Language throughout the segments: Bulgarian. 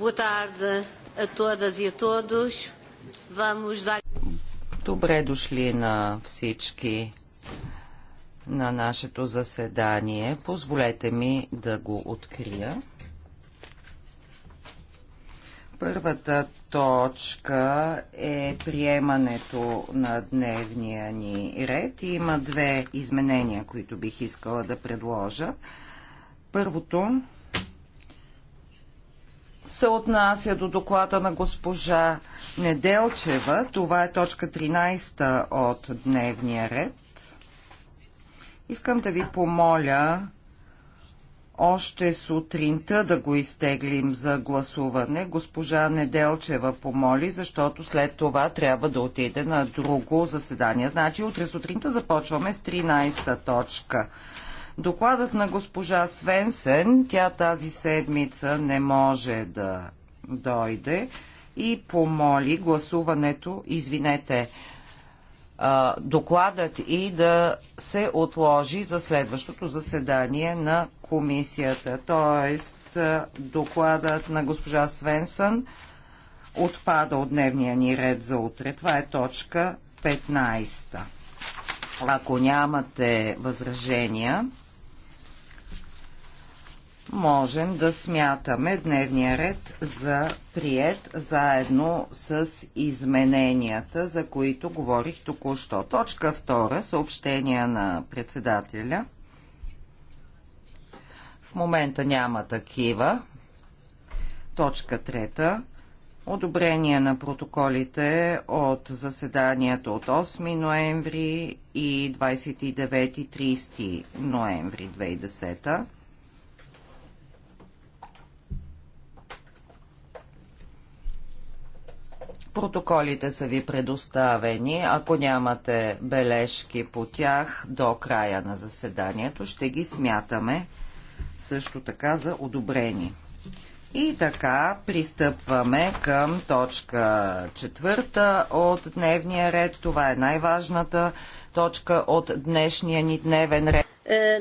Boa tarde a todas e a todos. Vamos dar... Добре дошли на всички на нашето заседание. Позволете ми да го открия. Първата точка е приемането на дневния ни ред. Има две изменения, които бих искала да предложа. Първото се отнася до доклада на госпожа Неделчева. Това е точка 13 от дневния ред. Искам да ви помоля още сутринта да го изтеглим за гласуване. Госпожа Неделчева помоли, защото след това трябва да отиде на друго заседание. Значи утре сутринта започваме с 13-та точка. Докладът на госпожа Свенсен, тя тази седмица не може да дойде и помоли гласуването, извинете, докладът и да се отложи за следващото заседание на комисията. Тоест, докладът на госпожа Свенсън отпада от дневния ни ред за утре. Това е точка 15. Ако нямате възражения, можем да смятаме дневния ред за прият заедно с измененията, за които говорих току-що. Точка 2. Съобщения на председателя. В момента няма такива. Точка 3. Одобрение на протоколите от заседанията от 8 ноември и 29-30 ноември 2010. Протоколите са ви предоставени. Ако нямате бележки по тях до края на заседанието, ще ги смятаме също така за одобрени. И така пристъпваме към точка четвърта от дневния ред. Това е най-важната точка от днешния ни дневен ред. Е,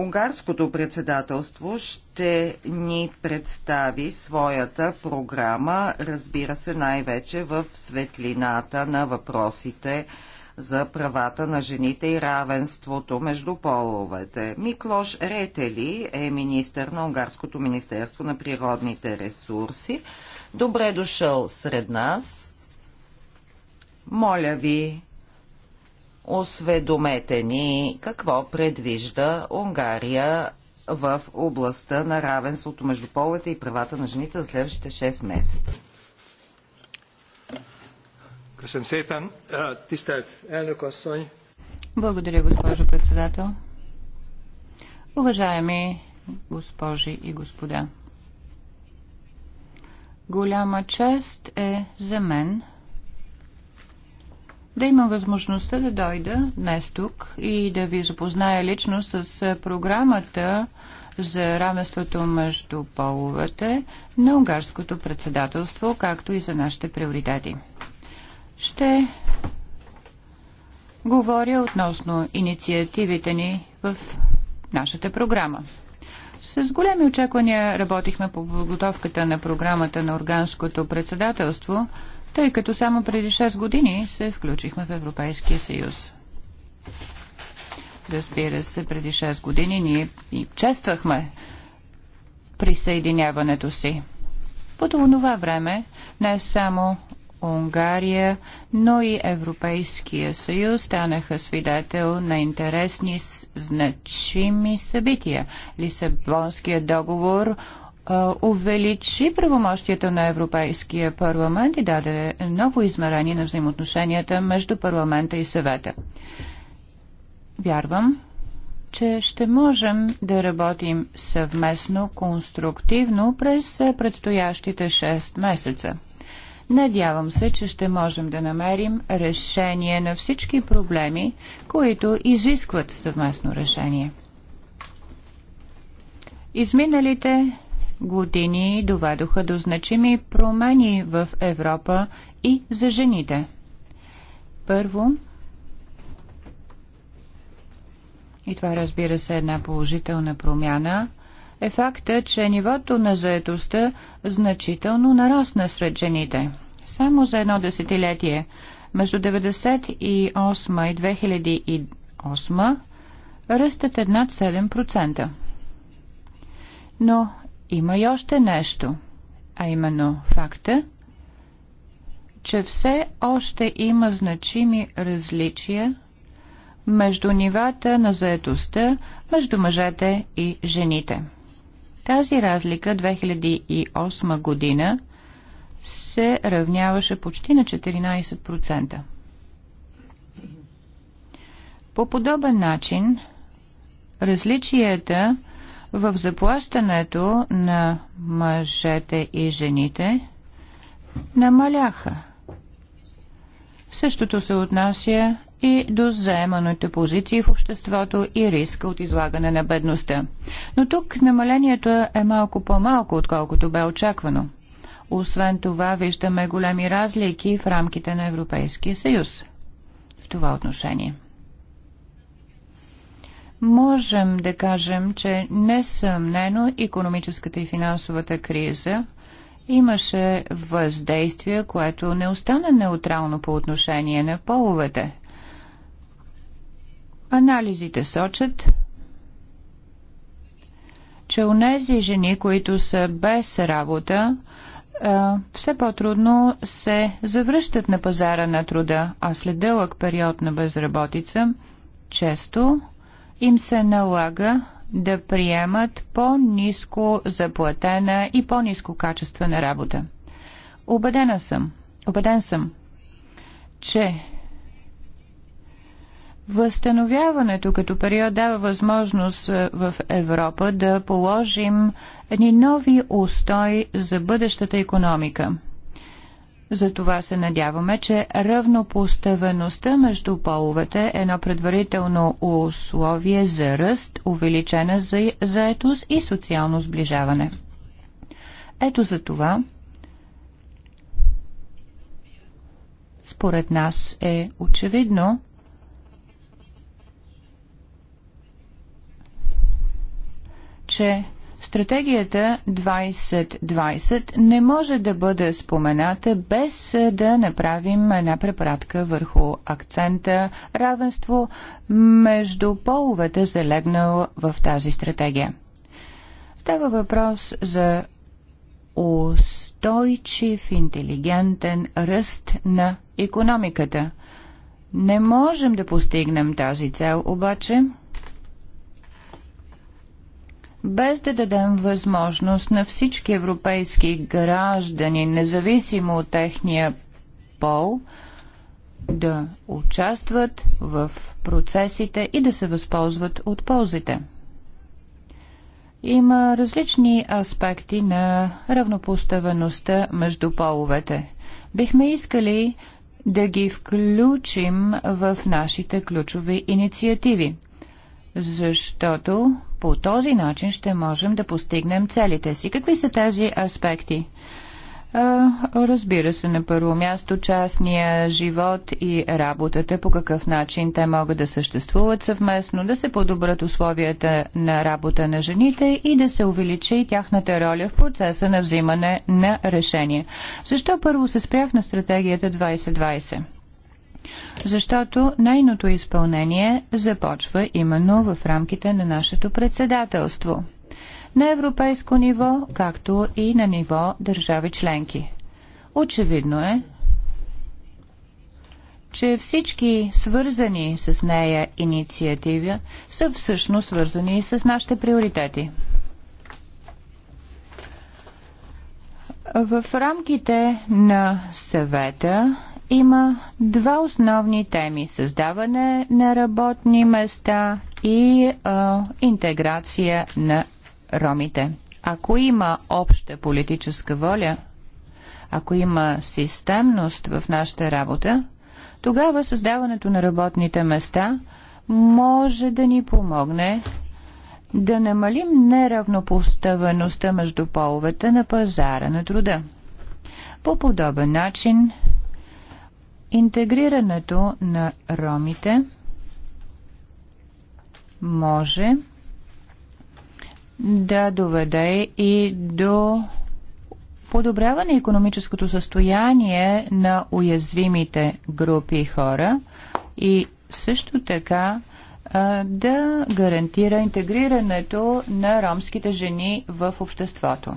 Унгарското председателство ще ни представи своята програма, разбира се, най-вече в светлината на въпросите за правата на жените и равенството между половете. Миклош Ретели е министър на Унгарското министерство на природните ресурси. Добре дошъл сред нас. Моля ви, осведомете ни какво предвижда Унгария в областта на равенството между половете и правата на жените за следващите 6 месеца. Благодаря, госпожо председател. Уважаеми госпожи и господа, голяма чест е за мен да имам възможността да дойда днес тук и да ви запозная лично с програмата за равенството между половете на унгарското председателство, както и за нашите приоритети. Ще говоря относно инициативите ни в нашата програма. С големи очаквания работихме по подготовката на програмата на Органското председателство – тъй като само преди 6 години се включихме в Европейския съюз. Разбира се, преди 6 години ние и чествахме присъединяването си. По това време не само Унгария, но и Европейския съюз станаха свидетел на интересни, значими събития. Лисабонския договор увеличи правомощията на Европейския парламент и даде ново измерение на взаимоотношенията между парламента и съвета. Вярвам, че ще можем да работим съвместно, конструктивно през предстоящите 6 месеца. Надявам се, че ще можем да намерим решение на всички проблеми, които изискват съвместно решение. Изминалите години доведоха до значими промени в Европа и за жените. Първо, и това разбира се е една положителна промяна, е факта, че нивото на заетостта значително нарасна сред жените. Само за едно десетилетие, между 1998 и 2008, ръстът е над 7%. Но има и още нещо, а именно факта, че все още има значими различия между нивата на заетостта между мъжете и жените. Тази разлика 2008 година се равняваше почти на 14%. По подобен начин различията в заплащането на мъжете и жените намаляха. Същото се отнася и до заеманите позиции в обществото и риска от излагане на бедността. Но тук намалението е малко по-малко, отколкото бе очаквано. Освен това, виждаме големи разлики в рамките на Европейския съюз в това отношение можем да кажем, че несъмнено економическата и финансовата криза имаше въздействие, което не остана неутрално по отношение на половете. Анализите сочат, че у нези жени, които са без работа, все по-трудно се завръщат на пазара на труда, а след дълъг период на безработица, често им се налага да приемат по-ниско заплатена и по-ниско качествена работа. Обедена съм, убеден съм, че Възстановяването като период дава възможност е, в Европа да положим едни нови устой за бъдещата економика – затова се надяваме, че равнопоставеността между половете е едно предварително условие за ръст, увеличена за заетост и социално сближаване. Ето за това, според нас е очевидно, че Стратегията 2020 не може да бъде спомената без да направим една препратка върху акцента равенство между половете, залегнал в тази стратегия. Става въпрос за устойчив, интелигентен ръст на економиката. Не можем да постигнем тази цел, обаче – без да дадем възможност на всички европейски граждани, независимо от техния пол, да участват в процесите и да се възползват от ползите. Има различни аспекти на равнопоставеността между половете. Бихме искали да ги включим в нашите ключови инициативи, защото по този начин ще можем да постигнем целите си. Какви са тези аспекти? Разбира се, на първо място частния живот и работата, по какъв начин те могат да съществуват съвместно, да се подобрат условията на работа на жените и да се увеличи тяхната роля в процеса на взимане на решения. Защо първо се спрях на стратегията 2020? защото нейното изпълнение започва именно в рамките на нашето председателство на европейско ниво, както и на ниво държави членки. Очевидно е, че всички свързани с нея инициативи са всъщност свързани и с нашите приоритети. В рамките на съвета има два основни теми създаване на работни места и а, интеграция на ромите. Ако има обща политическа воля, ако има системност в нашата работа, тогава създаването на работните места може да ни помогне да намалим неравнопоставеността между половете на пазара на труда. По подобен начин Интегрирането на ромите може да доведе и до подобряване економическото състояние на уязвимите групи хора и също така да гарантира интегрирането на ромските жени в обществото.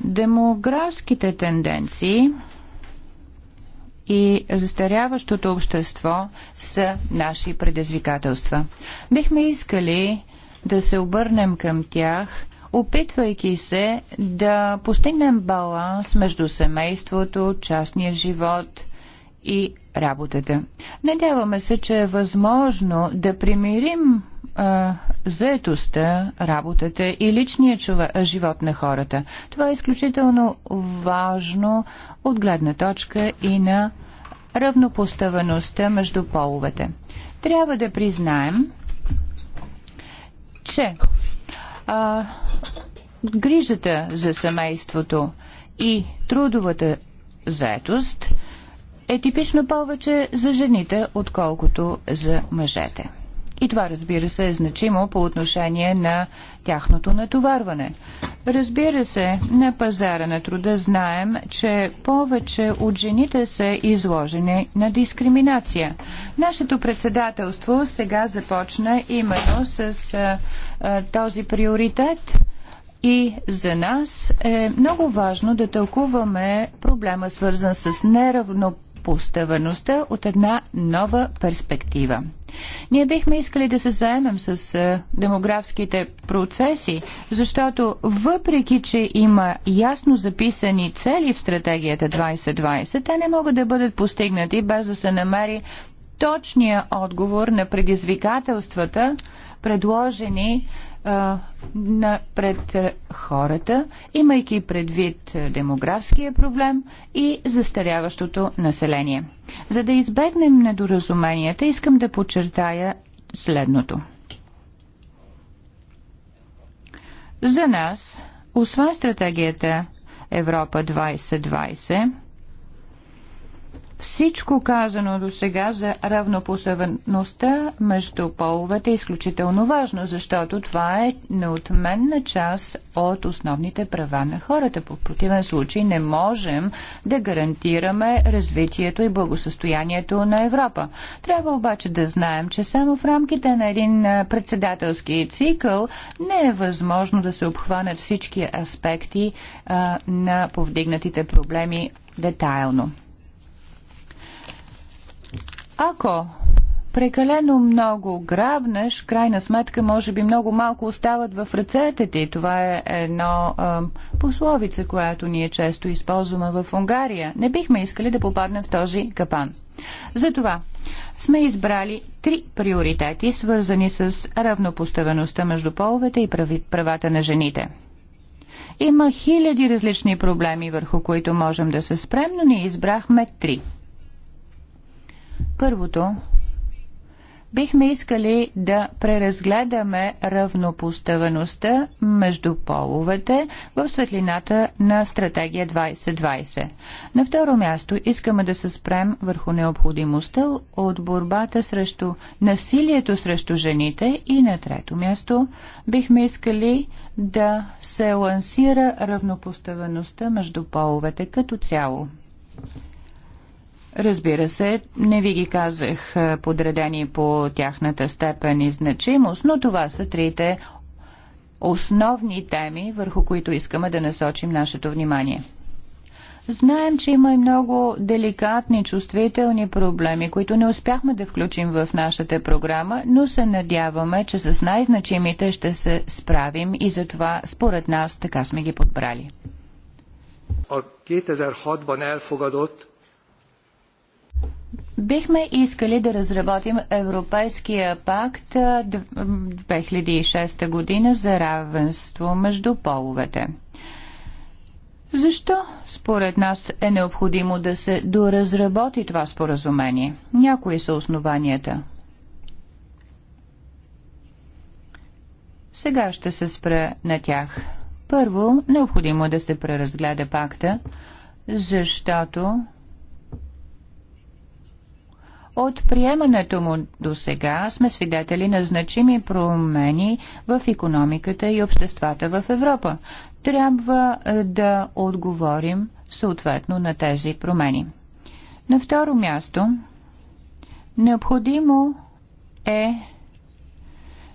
Демографските тенденции и застаряващото общество са наши предизвикателства. Бихме искали да се обърнем към тях, опитвайки се да постигнем баланс между семейството, частния живот и работата. Надяваме се, че е възможно да примирим заетостта, работата и личния живот на хората. Това е изключително важно от гледна точка и на равнопоставеността между половете. Трябва да признаем, че а, грижата за семейството и трудовата заетост е типично повече за жените, отколкото за мъжете. И това, разбира се, е значимо по отношение на тяхното натоварване. Разбира се, на пазара на труда знаем, че повече от жените са изложени на дискриминация. Нашето председателство сега започна именно с а, а, този приоритет. И за нас е много важно да тълкуваме проблема, свързан с неравнопоставеността от една нова перспектива. Ние бихме искали да се заемем с е, демографските процеси, защото въпреки, че има ясно записани цели в стратегията 2020, те не могат да бъдат постигнати без да се намери точния отговор на предизвикателствата, предложени на, пред хората, имайки предвид демографския проблем и застаряващото население. За да избегнем недоразуменията, искам да подчертая следното. За нас, освен стратегията Европа 2020, всичко казано до сега за равнопоставеността между половете е изключително важно, защото това е неотменна част от основните права на хората. По противен случай не можем да гарантираме развитието и благосъстоянието на Европа. Трябва обаче да знаем, че само в рамките на един председателски цикъл не е възможно да се обхванат всички аспекти а, на повдигнатите проблеми детайлно. Ако прекалено много грабнеш, крайна сметка, може би много малко остават в ръцете ти. Това е едно а, пословица, която ние често използваме в Унгария. Не бихме искали да попаднем в този капан. Затова сме избрали три приоритети, свързани с равнопоставеността между половете и правата на жените. Има хиляди различни проблеми, върху които можем да се спрем, но ние избрахме три – Първото, бихме искали да преразгледаме равнопоставеността между половете в светлината на стратегия 2020. На второ място искаме да се спрем върху необходимостта от борбата срещу насилието срещу жените и на трето място бихме искали да се лансира равнопоставеността между половете като цяло. Разбира се, не ви ги казах е, подредени по тяхната степен и значимост, но това са трите основни теми, върху които искаме да насочим нашето внимание. Знаем, че има и много деликатни, чувствителни проблеми, които не успяхме да включим в нашата програма, но се надяваме, че с най-значимите ще се справим и затова според нас така сме ги подбрали. 2006 Бихме искали да разработим Европейския пакт 2006 година за равенство между половете. Защо според нас е необходимо да се доразработи това споразумение? Някои са основанията. Сега ще се спра на тях. Първо, необходимо да се преразгледа пакта, защото от приемането му до сега сме свидетели на значими промени в економиката и обществата в Европа. Трябва е, да отговорим съответно на тези промени. На второ място, необходимо е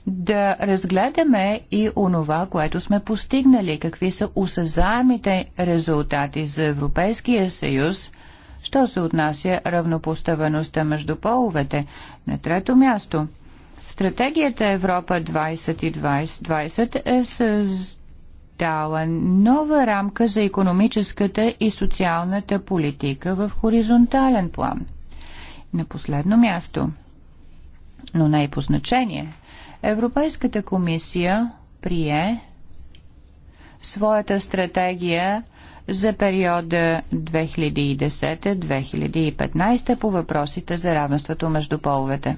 да разгледаме и онова, което сме постигнали, какви са осъзаемите резултати за Европейския съюз що се отнася равнопоставеността между половете. На трето място, стратегията Европа 2020 20 е създала нова рамка за економическата и социалната политика в хоризонтален план. На последно място, но най по значение, Европейската комисия прие своята стратегия за периода 2010-2015 по въпросите за равенството между половете.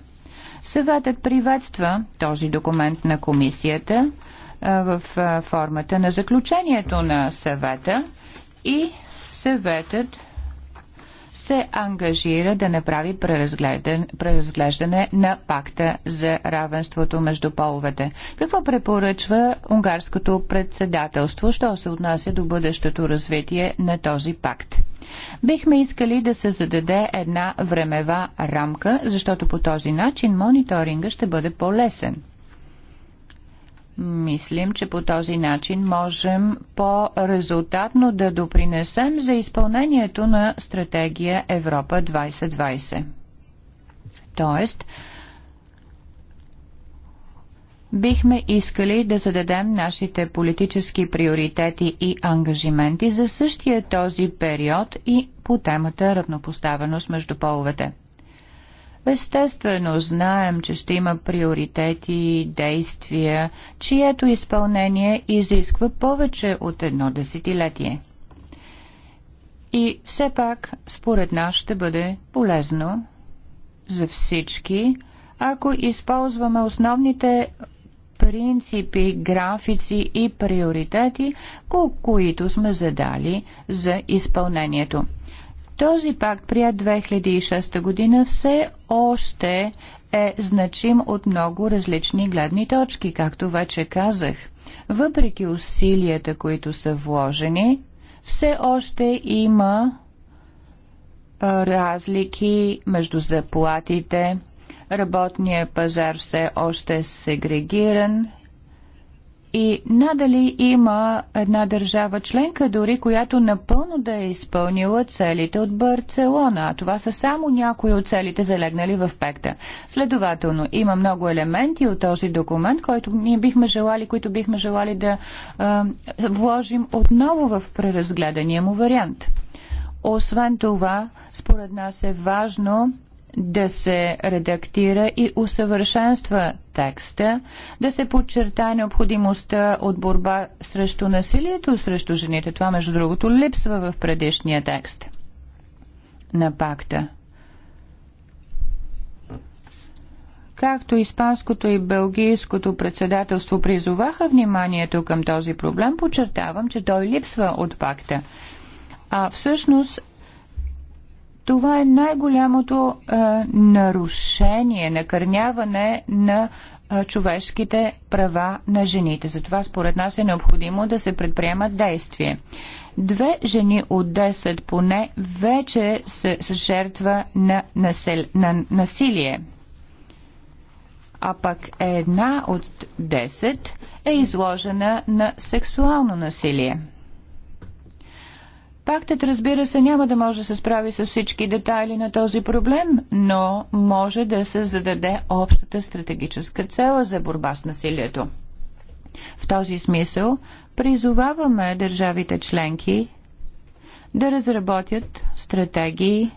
Съветът приветства този документ на комисията в формата на заключението на съвета и съветът се ангажира да направи преразглеждане, на пакта за равенството между половете. Какво препоръчва унгарското председателство, що се отнася до бъдещото развитие на този пакт? Бихме искали да се зададе една времева рамка, защото по този начин мониторинга ще бъде по-лесен. Мислим, че по този начин можем по-резултатно да допринесем за изпълнението на стратегия Европа 2020. Тоест, бихме искали да зададем нашите политически приоритети и ангажименти за същия този период и по темата равнопоставеност между половете. Естествено, знаем, че ще има приоритети и действия, чието изпълнение изисква повече от едно десетилетие. И все пак, според нас, ще бъде полезно за всички, ако използваме основните принципи, графици и приоритети, които сме задали за изпълнението. Този пакт, прият 2006 година, все още е значим от много различни гледни точки, както вече казах. Въпреки усилията, които са вложени, все още има разлики между заплатите, работният пазар все още е сегрегиран и надали има една държава членка, дори която напълно да е изпълнила целите от Барселона. А това са само някои от целите залегнали в пекта. Следователно, има много елементи от този документ, който ние бихме желали, които бихме желали да а, вложим отново в преразгледания му вариант. Освен това, според нас е важно да се редактира и усъвършенства текста, да се подчертае необходимостта от борба срещу насилието срещу жените. Това, между другото, липсва в предишния текст на пакта. Както испанското и белгийското председателство призоваха вниманието към този проблем, подчертавам, че той липсва от пакта. А всъщност това е най-голямото нарушение, накърняване на човешките права на жените. Затова според нас е необходимо да се предприемат действия. Две жени от 10 поне вече са жертва на, насел... на насилие. А пък една от 10 е изложена на сексуално насилие. Пактът, разбира се, няма да може да се справи с всички детайли на този проблем, но може да се зададе общата стратегическа цела за борба с насилието. В този смисъл призоваваме държавите членки да разработят стратегии,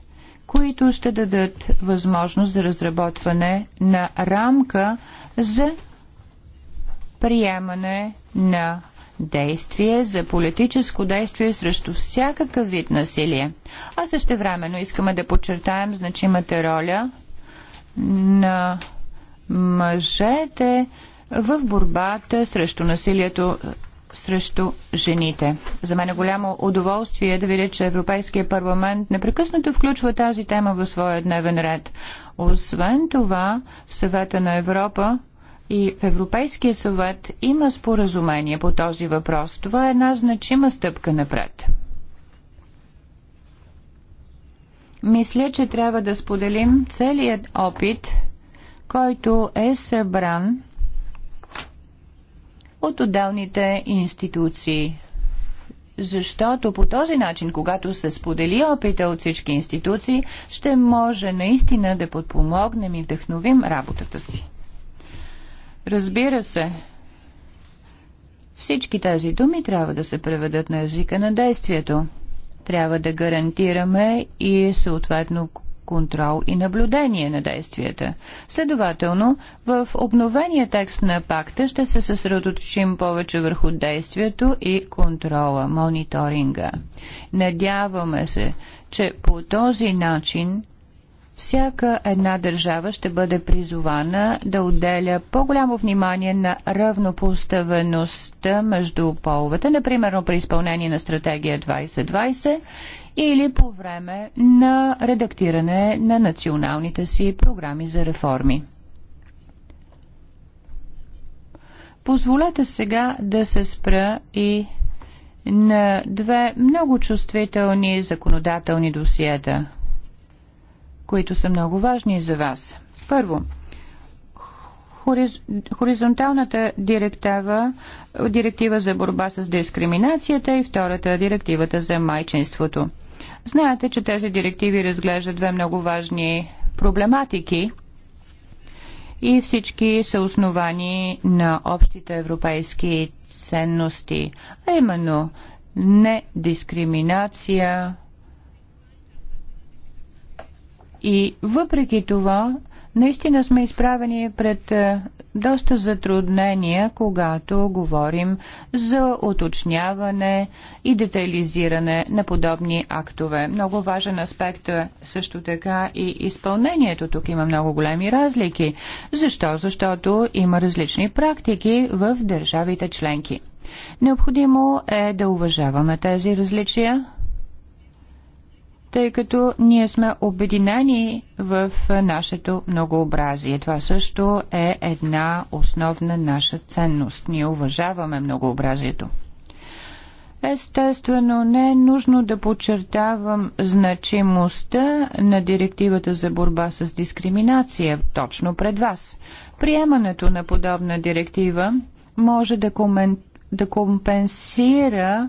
които ще дадат възможност за разработване на рамка за приемане на действие, за политическо действие срещу всякакъв вид насилие. А също времено искаме да подчертаем значимата роля на мъжете в борбата срещу насилието срещу жените. За мен е голямо удоволствие да видя, че Европейския парламент непрекъснато включва тази тема в своя дневен ред. Освен това, в съвета на Европа и в Европейския съвет има споразумение по този въпрос. Това е една значима стъпка напред. Мисля, че трябва да споделим целият опит, който е събран от отделните институции. Защото по този начин, когато се сподели опита от всички институции, ще може наистина да подпомогнем и вдъхновим работата си. Разбира се, всички тези думи трябва да се преведат на езика на действието. Трябва да гарантираме и съответно контрол и наблюдение на действията. Следователно, в обновения текст на пакта ще се съсредоточим повече върху действието и контрола, мониторинга. Надяваме се, че по този начин всяка една държава ще бъде призована да отделя по-голямо внимание на равнопоставеността между половете, например при изпълнение на стратегия 2020 или по време на редактиране на националните си програми за реформи. Позволете сега да се спра и на две много чувствителни законодателни досиета – които са много важни за вас. Първо, хоризонталната директива, директива за борба с дискриминацията и втората директивата за майчинството. Знаете, че тези директиви разглеждат две много важни проблематики и всички са основани на общите европейски ценности, а именно недискриминация, и въпреки това, наистина сме изправени пред е, доста затруднения, когато говорим за уточняване и детайлизиране на подобни актове. Много важен аспект е също така и изпълнението. Тук има много големи разлики. Защо? Защото има различни практики в държавите членки. Необходимо е да уважаваме тези различия тъй като ние сме обединени в нашето многообразие. Това също е една основна наша ценност. Ние уважаваме многообразието. Естествено, не е нужно да подчертавам значимостта на директивата за борба с дискриминация точно пред вас. Приемането на подобна директива може да, комен... да компенсира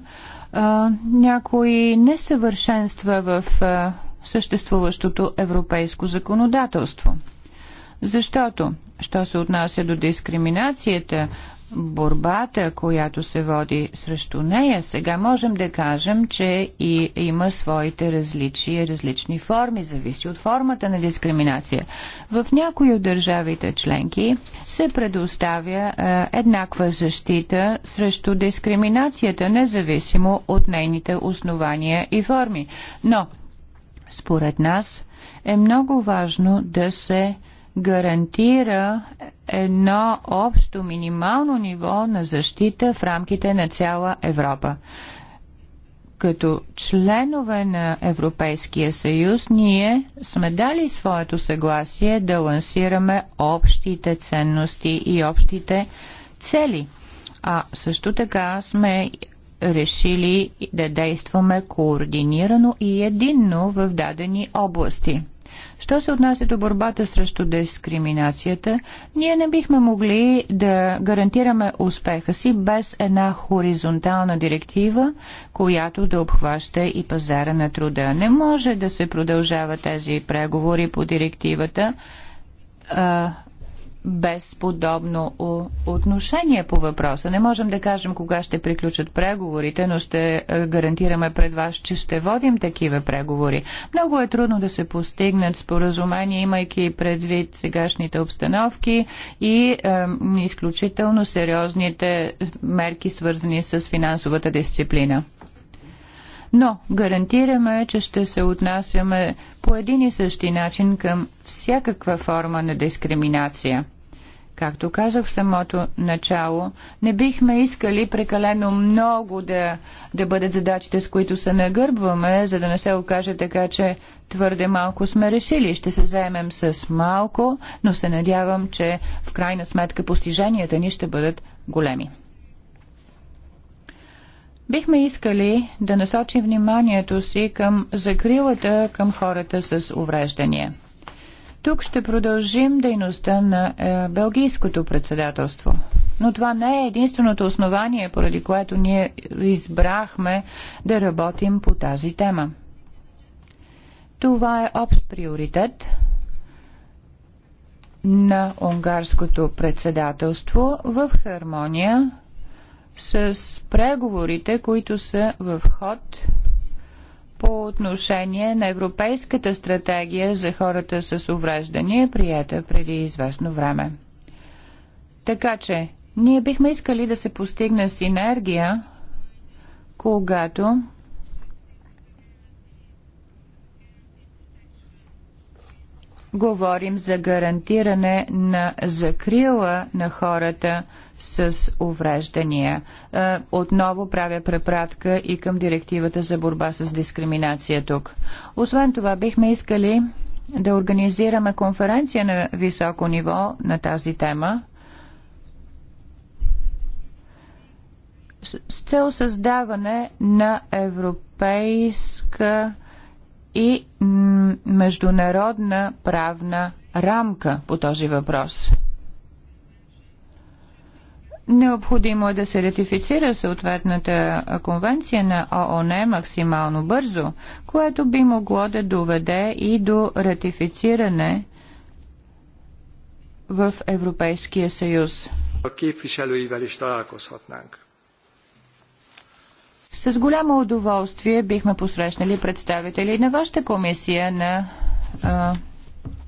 а, някои несъвършенства в а, съществуващото европейско законодателство. Защото, що се отнася до дискриминацията борбата, която се води срещу нея, сега можем да кажем, че и има своите различия, различни форми, зависи от формата на дискриминация. В някои от държавите членки се предоставя е, еднаква защита срещу дискриминацията, независимо от нейните основания и форми. Но, според нас, е много важно да се гарантира едно общо минимално ниво на защита в рамките на цяла Европа. Като членове на Европейския съюз, ние сме дали своето съгласие да лансираме общите ценности и общите цели. А също така сме решили да действаме координирано и единно в дадени области – Що се отнася до борбата срещу дискриминацията, ние не бихме могли да гарантираме успеха си без една хоризонтална директива, която да обхваща и пазара на труда. Не може да се продължава тези преговори по директивата без подобно отношение по въпроса. Не можем да кажем кога ще приключат преговорите, но ще е, гарантираме пред вас, че ще водим такива преговори. Много е трудно да се постигнат споразумения, имайки предвид сегашните обстановки и е, изключително сериозните е, мерки, свързани с финансовата дисциплина но гарантираме, че ще се отнасяме по един и същи начин към всякаква форма на дискриминация. Както казах в самото начало, не бихме искали прекалено много да, да бъдат задачите, с които се нагърбваме, за да не се окаже така, че твърде малко сме решили. Ще се заемем с малко, но се надявам, че в крайна сметка постиженията ни ще бъдат големи. Бихме искали да насочим вниманието си към закрилата към хората с увреждания. Тук ще продължим дейността на е, Белгийското председателство. Но това не е единственото основание, поради което ние избрахме да работим по тази тема. Това е общ приоритет на унгарското председателство в хармония с преговорите, които са в ход по отношение на Европейската стратегия за хората с увреждания, прията преди известно време. Така че, ние бихме искали да се постигне синергия, когато говорим за гарантиране на закрила на хората – с увреждания. Е, отново правя препратка и към директивата за борба с дискриминация тук. Освен това, бихме искали да организираме конференция на високо ниво на тази тема с цел създаване на европейска и международна правна рамка по този въпрос. Необходимо е да се ратифицира съответната конвенция на ООН максимално бързо, което би могло да доведе и до ратифициране в Европейския съюз. С голямо удоволствие бихме посрещнали представители на вашата комисия на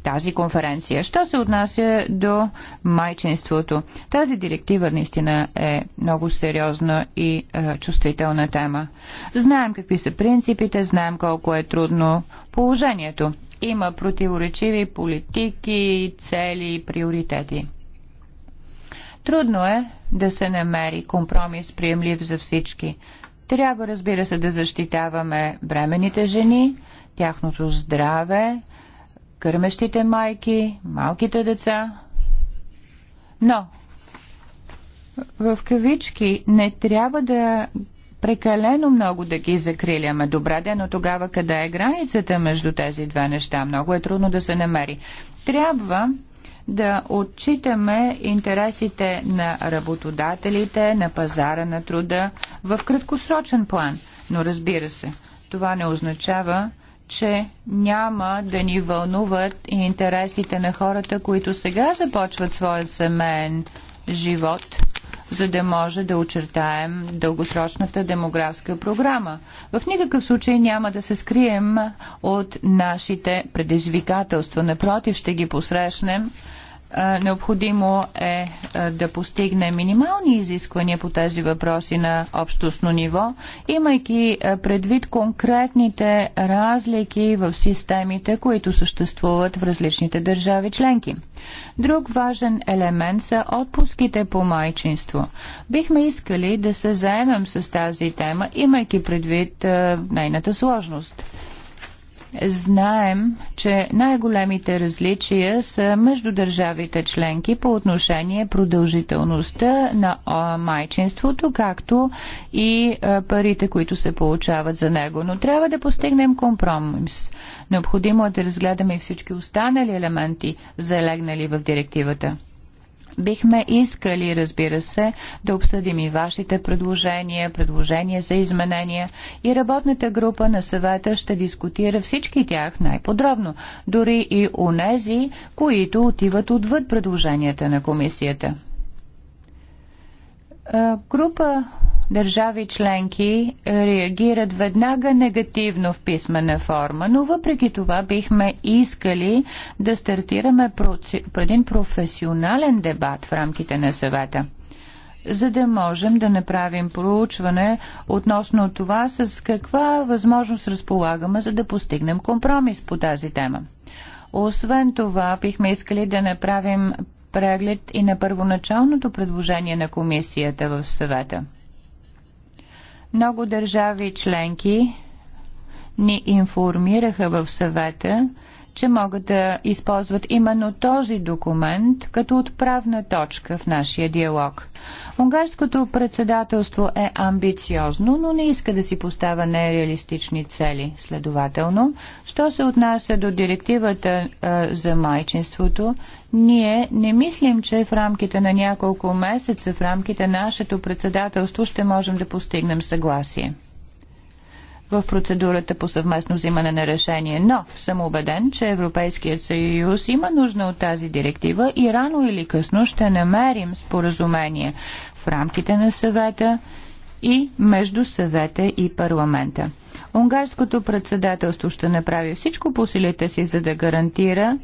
тази конференция. Що се отнася до майчинството? Тази директива наистина е много сериозна и е, чувствителна тема. Знаем какви са принципите, знаем колко е трудно положението. Има противоречиви политики, цели и приоритети. Трудно е да се намери компромис, приемлив за всички. Трябва, разбира се, да защитаваме бременните жени, тяхното здраве, кърмещите майки, малките деца. Но, в кавички, не трябва да прекалено много да ги закриляме. Добре де, но тогава къде е границата между тези две неща? Много е трудно да се намери. Трябва да отчитаме интересите на работодателите, на пазара на труда в краткосрочен план. Но разбира се, това не означава, че няма да ни вълнуват интересите на хората, които сега започват своя семейен живот, за да може да очертаем дългосрочната демографска програма. В никакъв случай няма да се скрием от нашите предизвикателства. Напротив, ще ги посрещнем необходимо е да постигне минимални изисквания по тези въпроси на общностно ниво, имайки предвид конкретните разлики в системите, които съществуват в различните държави членки. Друг важен елемент са отпуските по майчинство. Бихме искали да се заемем с тази тема, имайки предвид нейната сложност знаем, че най-големите различия са между държавите членки по отношение продължителността на майчинството, както и парите, които се получават за него. Но трябва да постигнем компромис. Необходимо е да разгледаме и всички останали елементи, залегнали в директивата. Бихме искали, разбира се, да обсъдим и вашите предложения, предложения за изменения и работната група на съвета ще дискутира всички тях най-подробно, дори и онези, които отиват отвъд предложенията на комисията. Е, група държави членки реагират веднага негативно в писмена форма, но въпреки това бихме искали да стартираме един професионален дебат в рамките на съвета за да можем да направим проучване относно това с каква възможност разполагаме, за да постигнем компромис по тази тема. Освен това, бихме искали да направим преглед и на първоначалното предложение на комисията в съвета – много държави членки ни информираха в съвета, че могат да използват именно този документ като отправна точка в нашия диалог. Унгарското председателство е амбициозно, но не иска да си поставя нереалистични цели. Следователно, що се отнася до директивата а, за майчинството, ние не мислим, че в рамките на няколко месеца, в рамките на нашето председателство ще можем да постигнем съгласие в процедурата по съвместно взимане на решение. Но съм убеден, че Европейският съюз има нужда от тази директива и рано или късно ще намерим споразумение в рамките на съвета и между съвета и парламента. Унгарското председателство ще направи всичко по силите си, за да гарантира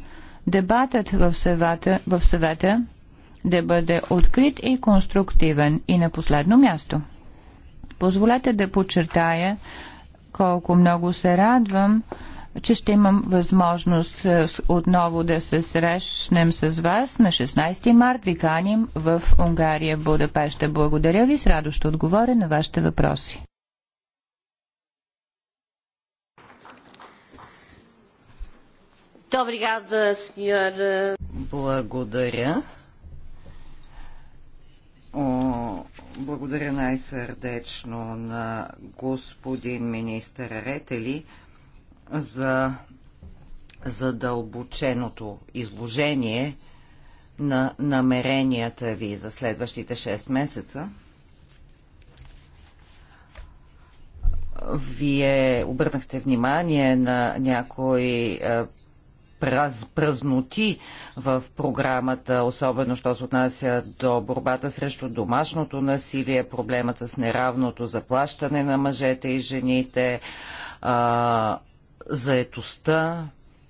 дебатът в съвета, в съвета да бъде открит и конструктивен. И на последно място. Позволете да подчертая колко много се радвам, че ще имам възможност е, отново да се срещнем с вас на 16 март. Ви каним в Унгария, Будапеща. Благодаря ви. С радост ще отговоря на вашите въпроси. Благодаря. О, благодаря най-сърдечно на господин министър Ретели за задълбоченото изложение на намеренията ви за следващите 6 месеца. Вие обърнахте внимание на някои е, праз, празноти в програмата, особено що се отнася до борбата срещу домашното насилие, проблемът с неравното заплащане на мъжете и жените, а, заетостта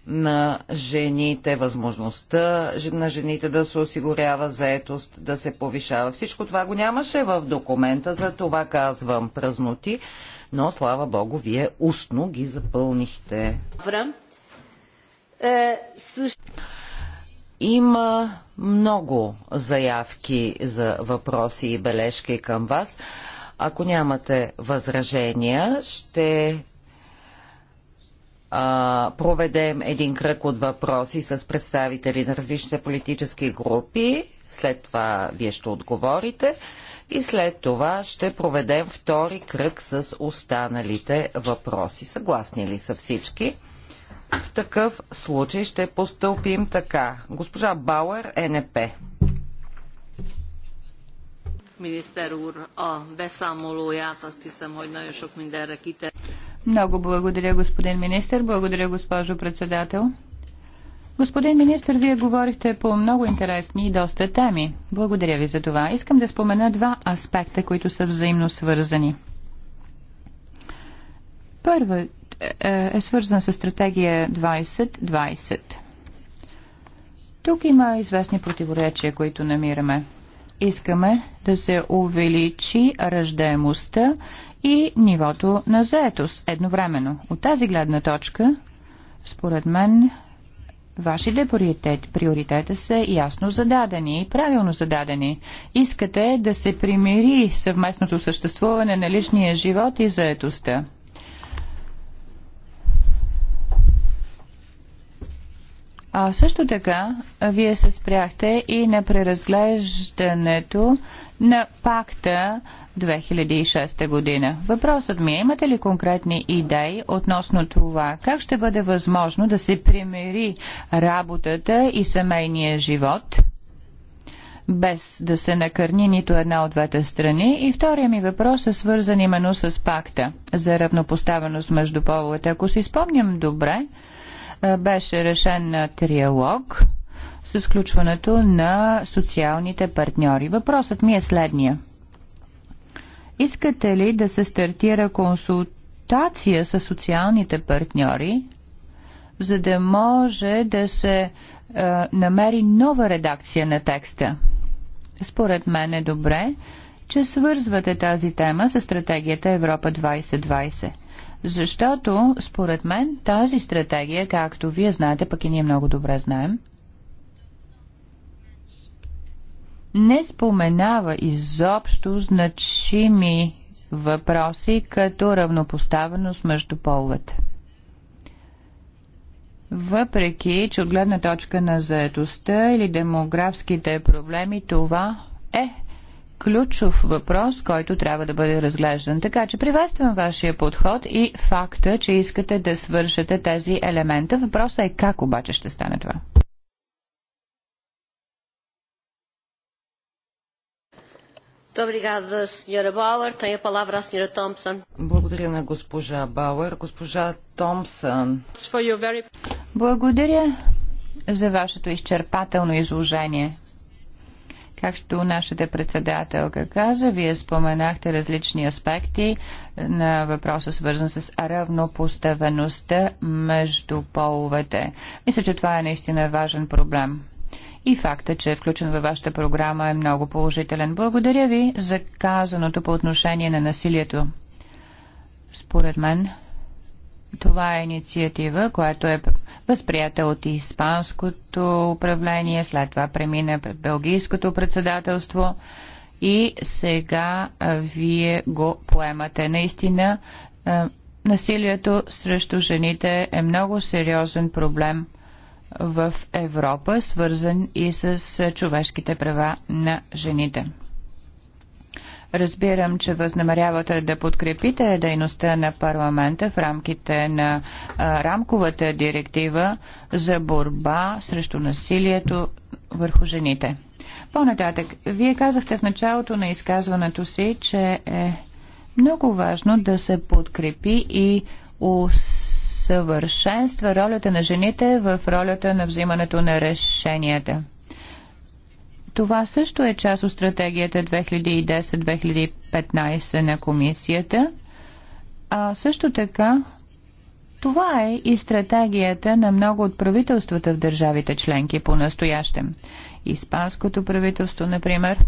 на жените, възможността на жените да се осигурява заетост, да се повишава. Всичко това го нямаше в документа, за това казвам празноти, но слава Богу, вие устно ги запълнихте. Врем, е, също... Има много заявки за въпроси и бележки към вас. Ако нямате възражения, ще а, проведем един кръг от въпроси с представители на различните политически групи. След това вие ще отговорите. И след това ще проведем втори кръг с останалите въпроси. Съгласни ли са всички? В такъв случай ще постъпим така. Госпожа Бауер, НП. Министър Ур, а beszámolóját, azt hiszem, hogy nagyon sok Много благодаря, господин министр. Благодаря, госпожо председател. Господин министр, вие говорихте по много интересни и доста теми. Благодаря ви за това. Искам да спомена два аспекта, които са взаимно свързани. Първо, е, е свързан с стратегия 2020. -20. Тук има известни противоречия, които намираме. Искаме да се увеличи ръждаемостта и нивото на заетост едновременно. От тази гледна точка, според мен, Вашите приоритет, приоритета са ясно зададени и правилно зададени. Искате да се примири съвместното съществуване на личния живот и заетостта. А също така, вие се спряхте и на преразглеждането на пакта 2006 година. Въпросът ми е, имате ли конкретни идеи относно това, как ще бъде възможно да се примери работата и семейния живот, без да се накърни нито една от двете страни? И втория ми въпрос е свързан именно с пакта за равнопоставеност между половете. Ако си спомням добре, е, беше решен на триалог с включването на социалните партньори. Въпросът ми е следния. Искате ли да се стартира консултация с социалните партньори, за да може да се е, намери нова редакция на текста? Според мен е добре, че свързвате тази тема с стратегията Европа 2020. Защото, според мен, тази стратегия, както вие знаете, пък и ние много добре знаем, не споменава изобщо значими въпроси като равнопоставеност между половете. Въпреки, че от гледна точка на заедостта или демографските проблеми това е ключов въпрос, който трябва да бъде разглеждан. Така че приветствам вашия подход и факта, че искате да свършите тези елемента. Въпросът е как обаче ще стане това? Благодаря на госпожа Бауер. Госпожа Томсън. Благодаря за вашето изчерпателно изложение. Както нашата председателка каза, вие споменахте различни аспекти на въпроса, свързан с равнопоставеността между половете. Мисля, че това е наистина важен проблем. И факта, че е включен във вашата програма е много положителен. Благодаря ви за казаното по отношение на насилието. Според мен, това е инициатива, която е възприята от Испанското управление, след това премина пред Белгийското председателство и сега вие го поемате. Наистина, насилието срещу жените е много сериозен проблем в Европа, свързан и с човешките права на жените. Разбирам, че възнамерявате да подкрепите дейността на парламента в рамките на рамковата директива за борба срещу насилието върху жените. По-нататък, вие казахте в началото на изказването си, че е много важно да се подкрепи и усъвършенства ролята на жените в ролята на взимането на решенията. Това също е част от стратегията 2010-2015 на комисията. А също така, това е и стратегията на много от правителствата в държавите членки по настоящем. Испанското правителство, например,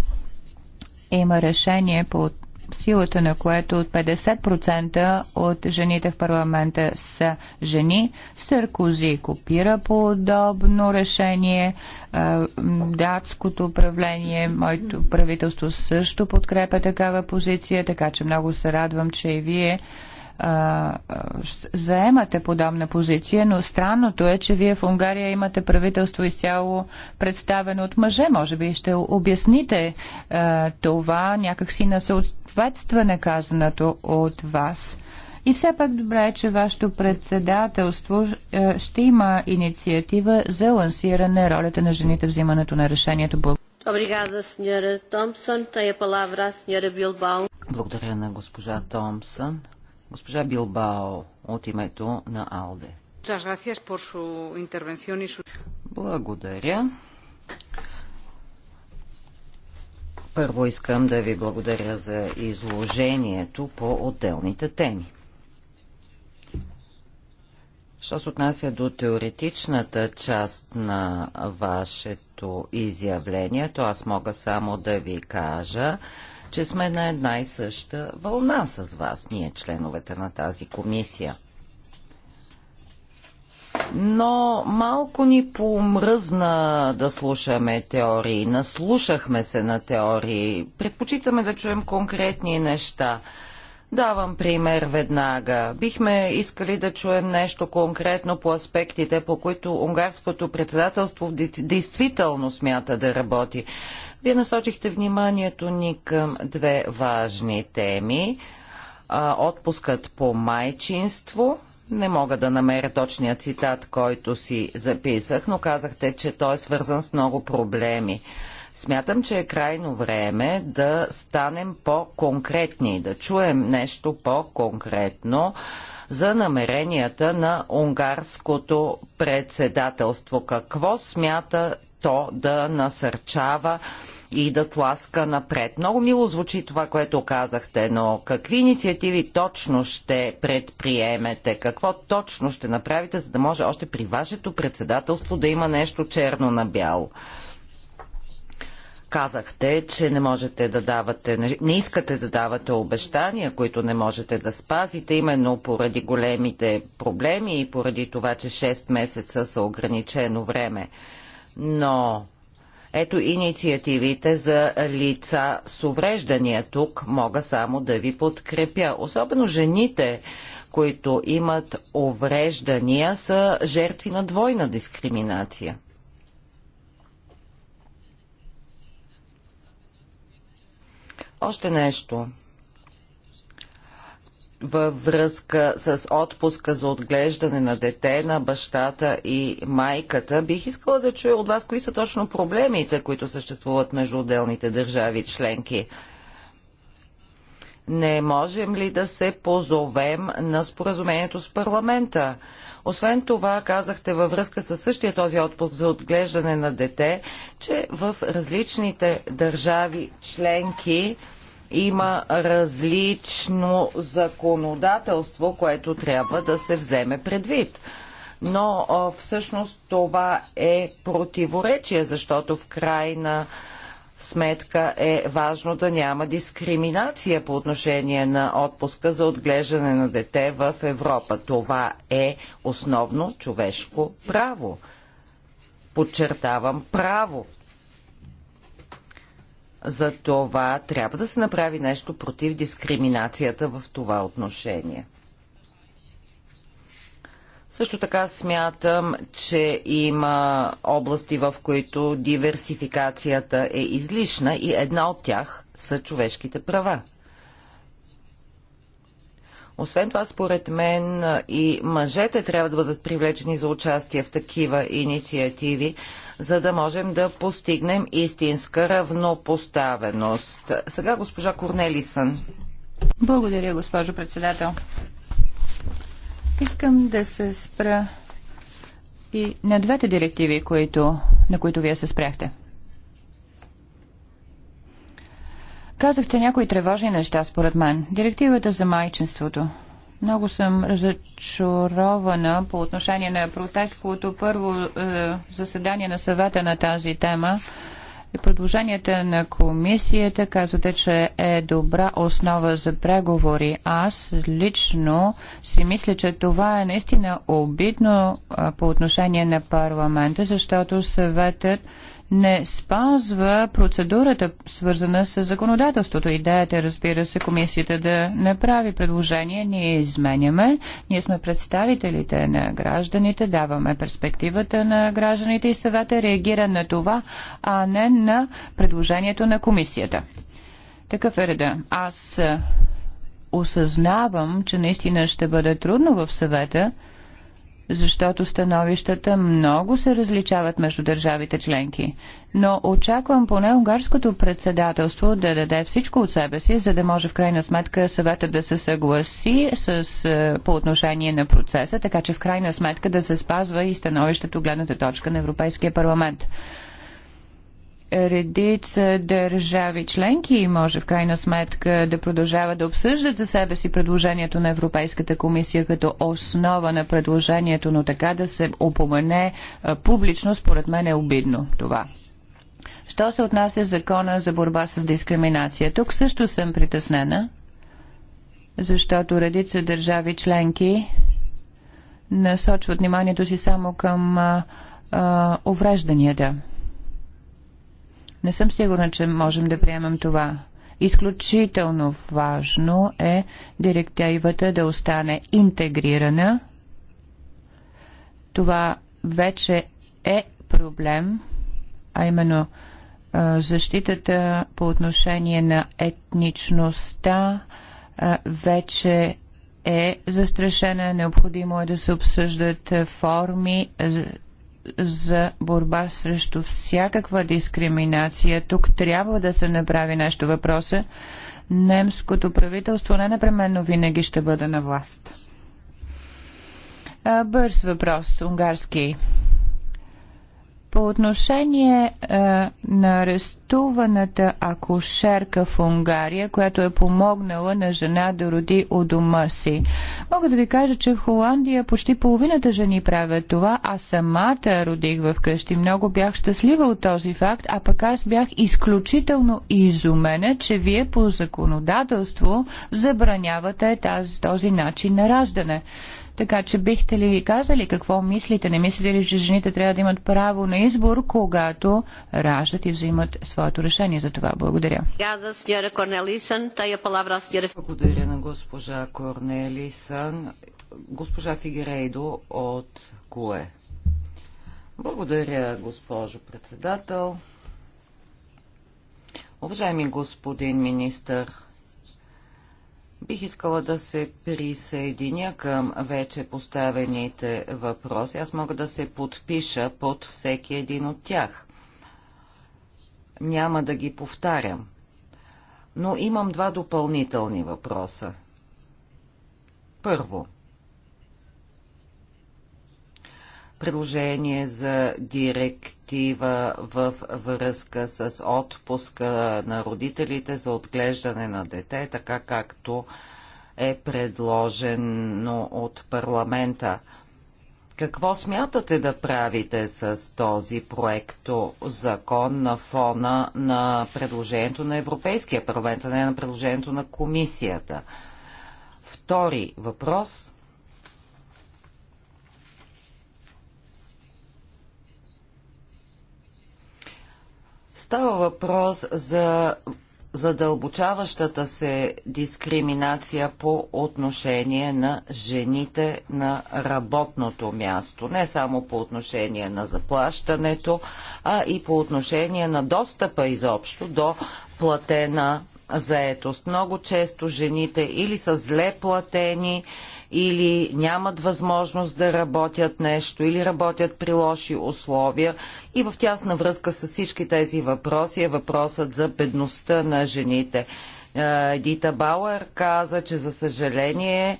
има решение по силата на което от 50% от жените в парламента са жени. Съркози копира подобно решение. Датското управление, моето правителство също подкрепя такава позиция, така че много се радвам, че и вие заемате подобна позиция, но странното е, че вие в Унгария имате правителство изцяло представено от мъже. Може би ще обясните а, това някакси на съответства наказаното от вас. И все пак добре е, че вашето председателство ще има инициатива за лансиране ролята на жените в взимането на решението. Благодаря на госпожа Томсън. Госпожа Билбао от името на Алде. Благодаря. Първо искам да ви благодаря за изложението по отделните теми. Що се отнася до теоретичната част на вашето изявление, то аз мога само да ви кажа, че сме на една и съща вълна с вас, ние членовете на тази комисия. Но малко ни помръзна да слушаме теории. Наслушахме се на теории. Предпочитаме да чуем конкретни неща. Давам пример веднага. Бихме искали да чуем нещо конкретно по аспектите, по които унгарското председателство действително смята да работи. Вие насочихте вниманието ни към две важни теми. Отпускът по майчинство. Не мога да намеря точния цитат, който си записах, но казахте, че той е свързан с много проблеми. Смятам, че е крайно време да станем по-конкретни, да чуем нещо по-конкретно за намеренията на унгарското председателство. Какво смята то да насърчава и да тласка напред. Много мило звучи това, което казахте, но какви инициативи точно ще предприемете? Какво точно ще направите, за да може още при вашето председателство да има нещо черно на бяло? казахте, че не можете да давате, не искате да давате обещания, които не можете да спазите, именно поради големите проблеми и поради това, че 6 месеца са ограничено време. Но ето инициативите за лица с увреждания. Тук мога само да ви подкрепя. Особено жените, които имат увреждания, са жертви на двойна дискриминация. Още нещо – във връзка с отпуска за отглеждане на дете на бащата и майката. Бих искала да чуя от вас кои са точно проблемите, които съществуват между отделните държави членки. Не можем ли да се позовем на споразумението с парламента? Освен това, казахте във връзка с същия този отпуск за отглеждане на дете, че в различните държави членки има различно законодателство, което трябва да се вземе предвид. Но всъщност това е противоречие, защото в крайна сметка е важно да няма дискриминация по отношение на отпуска за отглеждане на дете в Европа. Това е основно човешко право. Подчертавам право, за това трябва да се направи нещо против дискриминацията в това отношение. Също така смятам, че има области, в които диверсификацията е излишна и една от тях са човешките права. Освен това, според мен и мъжете трябва да бъдат привлечени за участие в такива инициативи, за да можем да постигнем истинска равнопоставеност. Сега госпожа Корнелисън. Благодаря, госпожо председател. Искам да се спра и на двете директиви, които, на които вие се спряхте. Казахте някои тревожни неща, според мен. Директивата за майчинството. Много съм разочарована по отношение на протеклото първо е, заседание на съвета на тази тема. Продълженията на комисията казвате, че е добра основа за преговори. Аз лично си мисля, че това е наистина обидно по отношение на парламента, защото съветът не спазва процедурата, свързана с законодателството. Идеята разбира се, комисията да направи предложение. Ние изменяме. Ние сме представителите на гражданите, даваме перспективата на гражданите и съвета реагира на това, а не на предложението на комисията. Такъв е реда. Аз осъзнавам, че наистина ще бъде трудно в съвета, защото становищата много се различават между държавите членки. Но очаквам поне унгарското председателство да даде всичко от себе си, за да може в крайна сметка съвета да се съгласи с, е, по отношение на процеса, така че в крайна сметка да се спазва и становището гледната точка на Европейския парламент редица държави членки и може в крайна сметка да продължава да обсъждат за себе си предложението на Европейската комисия като основа на предложението, но така да се опомене публично, според мен е обидно това. Що се отнася закона за борба с дискриминация? Тук също съм притеснена, защото редица държави членки насочват вниманието си само към а, Да. Не съм сигурна, че можем да приемам това. Изключително важно е директивата да остане интегрирана. Това вече е проблем, а именно защитата по отношение на етничността вече е застрашена. Необходимо е да се обсъждат форми за борба срещу всякаква дискриминация. Тук трябва да се направи нещо. Въпроса е, немското правителство не непременно винаги ще бъде на власт. Бърз въпрос, унгарски. По отношение е, на арестуваната акушерка в Унгария, която е помогнала на жена да роди у дома си, мога да ви кажа, че в Холандия почти половината жени правят това, а самата родих вкъщи. къщи. Много бях щастлива от този факт, а пък аз бях изключително изумена, че вие по законодателство забранявате тази, този начин на раждане. Така че бихте ли казали какво мислите? Не мислите ли, че жените трябва да имат право на избор, когато раждат и взимат своето решение за това? Благодаря. Благодаря на госпожа Корнелисън. Госпожа Фигерейдо от кое? Благодаря, госпожо председател. Уважаеми господин министър, Бих искала да се присъединя към вече поставените въпроси. Аз мога да се подпиша под всеки един от тях. Няма да ги повтарям. Но имам два допълнителни въпроса. Първо – предложение за директива в връзка с отпуска на родителите за отглеждане на дете, така както е предложено от парламента. Какво смятате да правите с този проекто закон на фона на предложението на Европейския парламент, а не на предложението на комисията? Втори въпрос – Става въпрос за задълбочаващата се дискриминация по отношение на жените на работното място. Не само по отношение на заплащането, а и по отношение на достъпа изобщо до платена заетост. Много често жените или са зле платени, или нямат възможност да работят нещо, или работят при лоши условия. И в тясна връзка с всички тези въпроси е въпросът за бедността на жените. Е, Дита Бауер каза, че за съжаление е,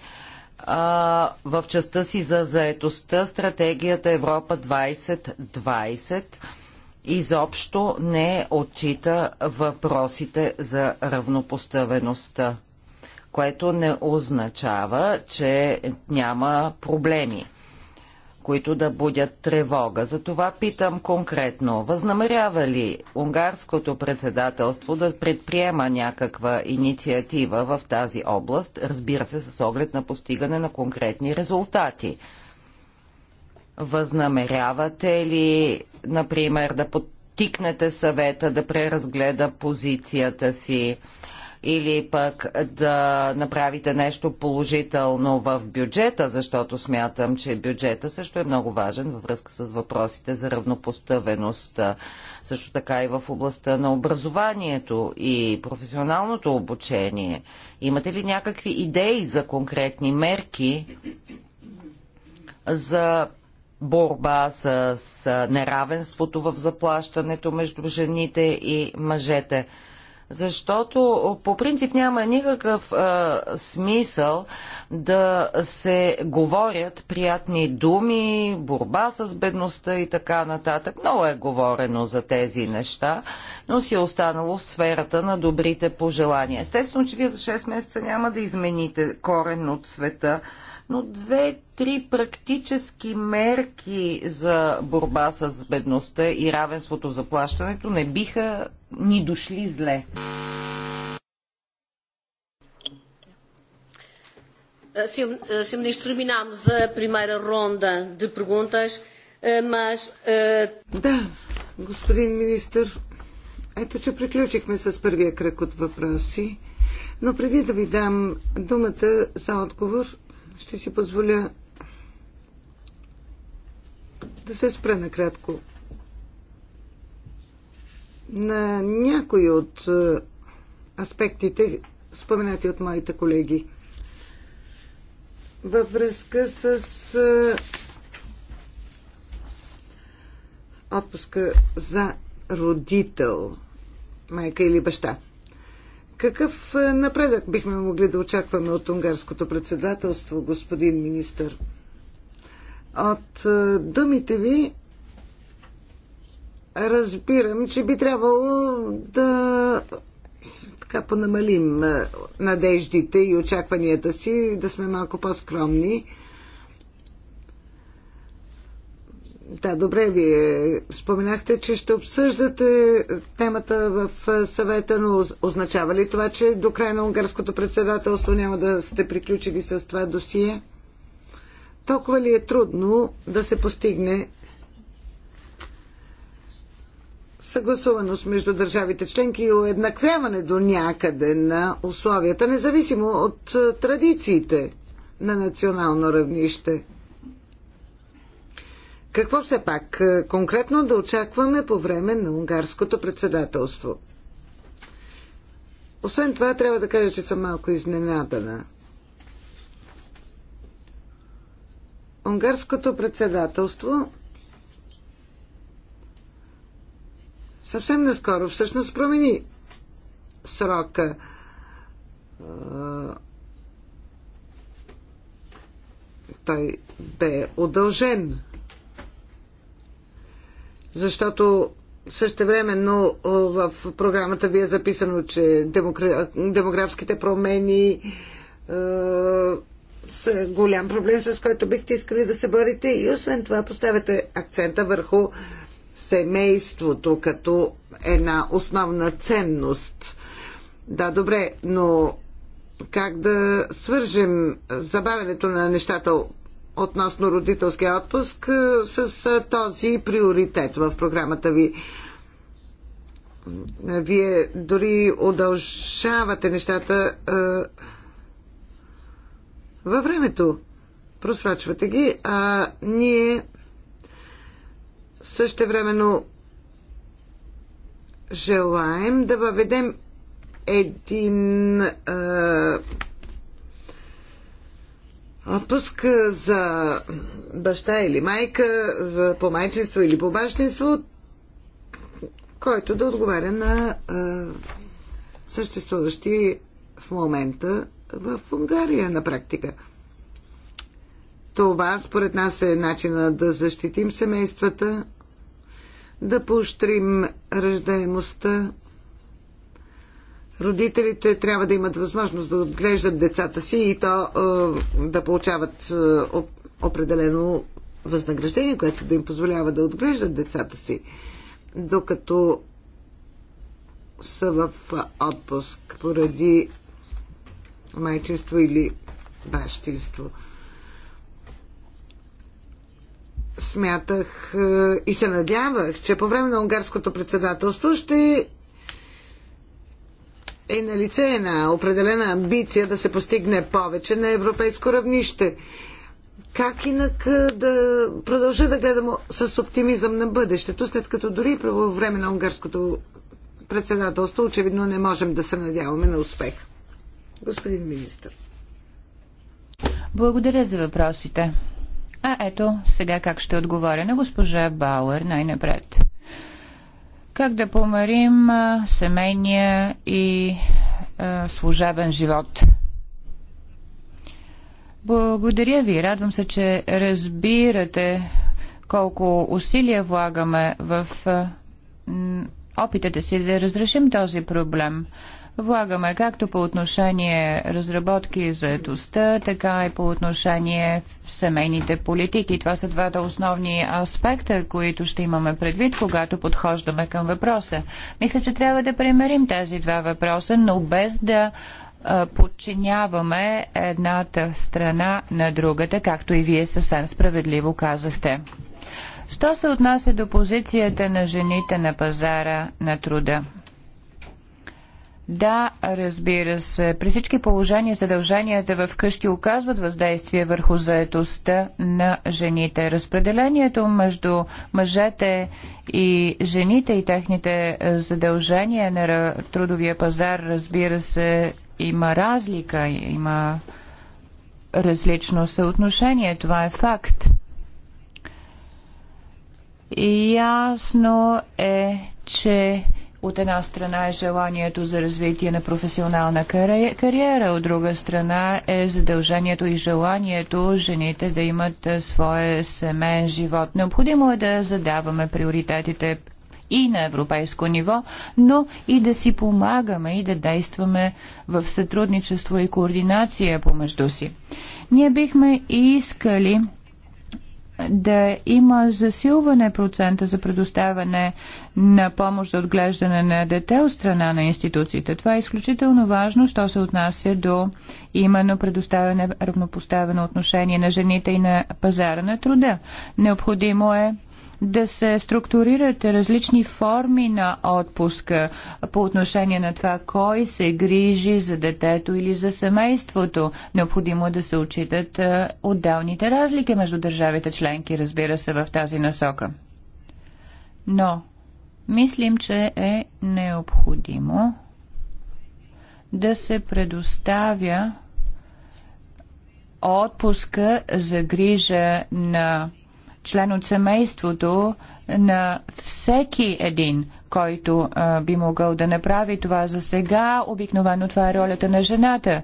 в частта си за заетостта стратегията Европа 2020 изобщо не отчита въпросите за равнопоставеността което не означава, че няма проблеми които да будят тревога. Затова питам конкретно, възнамерява ли унгарското председателство да предприема някаква инициатива в тази област, разбира се, с оглед на постигане на конкретни резултати? Възнамерявате ли, например, да подтикнете съвета да преразгледа позицията си? или пък да направите нещо положително в бюджета, защото смятам, че бюджета също е много важен във връзка с въпросите за равнопоставеност, също така и в областта на образованието и професионалното обучение. Имате ли някакви идеи за конкретни мерки за борба с неравенството в заплащането между жените и мъжете? защото по принцип няма никакъв а, смисъл да се говорят приятни думи, борба с бедността и така нататък. Много е говорено за тези неща, но си е останало в сферата на добрите пожелания. Естествено, че вие за 6 месеца няма да измените корен от света но две-три практически мерки за борба с бедността и равенството за плащането не биха ни дошли зле. Sr. Ministro, минам a primeira ronda de perguntas, mas... Да, господин министър, ето, че приключихме с първия кръг от въпроси, но преди да ви дам думата за отговор, ще си позволя да се спра накратко на някои от е, аспектите, споменати от моите колеги. Във връзка с е, отпуска за родител, майка или баща – какъв е, напредък бихме могли да очакваме от унгарското председателство, господин министър? От е, думите ви разбирам, че би трябвало да така понамалим е, надеждите и очакванията си, да сме малко по-скромни. Да, добре, вие споменахте, че ще обсъждате темата в съвета, но означава ли това, че до края на унгарското председателство няма да сте приключили с това досие? Толкова ли е трудно да се постигне съгласуваност между държавите членки и уеднаквяване до някъде на условията, независимо от традициите на национално равнище? Какво все пак е, конкретно да очакваме по време на унгарското председателство? Освен това, трябва да кажа, че съм малко изненадана. Унгарското председателство съвсем наскоро всъщност промени срока е, той бе удължен защото същевременно в програмата ви е записано, че демографските промени са голям проблем, с който бихте искали да се борите и освен това поставяте акцента върху семейството като една основна ценност. Да, добре, но как да свържем забавянето на нещата относно родителския отпуск е, с е, този приоритет в програмата ви. Вие дори удължавате нещата е, във времето. Просрочвате ги, а ние също времено желаем да въведем един е, отпуск за баща или майка, за по майчинство или по бащинство, който да отговаря на а, съществуващи в момента в Унгария на практика. Това според нас е начина да защитим семействата, да поощрим ръждаемостта родителите трябва да имат възможност да отглеждат децата си и то е, да получават е, определено възнаграждение, което да им позволява да отглеждат децата си, докато са в отпуск поради майчинство или бащинство. Смятах е, и се надявах, че по време на унгарското председателство ще е на лице една определена амбиция да се постигне повече на европейско равнище. Как инак да продължа да гледам с оптимизъм на бъдещето, след като дори по време на унгарското председателство очевидно не можем да се надяваме на успех? Господин министр. Благодаря за въпросите. А ето сега как ще отговоря на госпожа Бауер най-напред. Как да помарим семейния и служебен живот? Благодаря ви. Радвам се, че разбирате колко усилия влагаме в опитите си да разрешим този проблем влагаме както по отношение разработки и етостта, така и по отношение в семейните политики. Това са двата основни аспекта, които ще имаме предвид, когато подхождаме към въпроса. Мисля, че трябва да примерим тези два въпроса, но без да подчиняваме едната страна на другата, както и вие съвсем справедливо казахте. Що се отнася до позицията на жените на пазара на труда? Да, разбира се. При всички положения задълженията в къщи оказват въздействие върху заетостта на жените. Разпределението между мъжете и жените и техните е, задължения на трудовия пазар, разбира се, има разлика, има различно съотношение. Това е факт. И ясно е, че от една страна е желанието за развитие на професионална кариера, от друга страна е задължението и желанието жените да имат своя семейен живот. Необходимо е да задаваме приоритетите и на европейско ниво, но и да си помагаме и да действаме в сътрудничество и координация помежду си. Ние бихме и искали да има засилване процента за предоставяне на помощ за отглеждане на дете от страна на институциите. Това е изключително важно, що се отнася до именно предоставяне равнопоставено отношение на жените и на пазара на труда. Необходимо е да се структурират различни форми на отпуска по отношение на това кой се грижи за детето или за семейството. Необходимо е да се отчитат е, отделните разлики между държавите членки, разбира се, в тази насока. Но мислим, че е необходимо да се предоставя отпуска за грижа на член от семейството на всеки един, който а, би могъл да направи това за сега. Обикновено това е ролята на жената.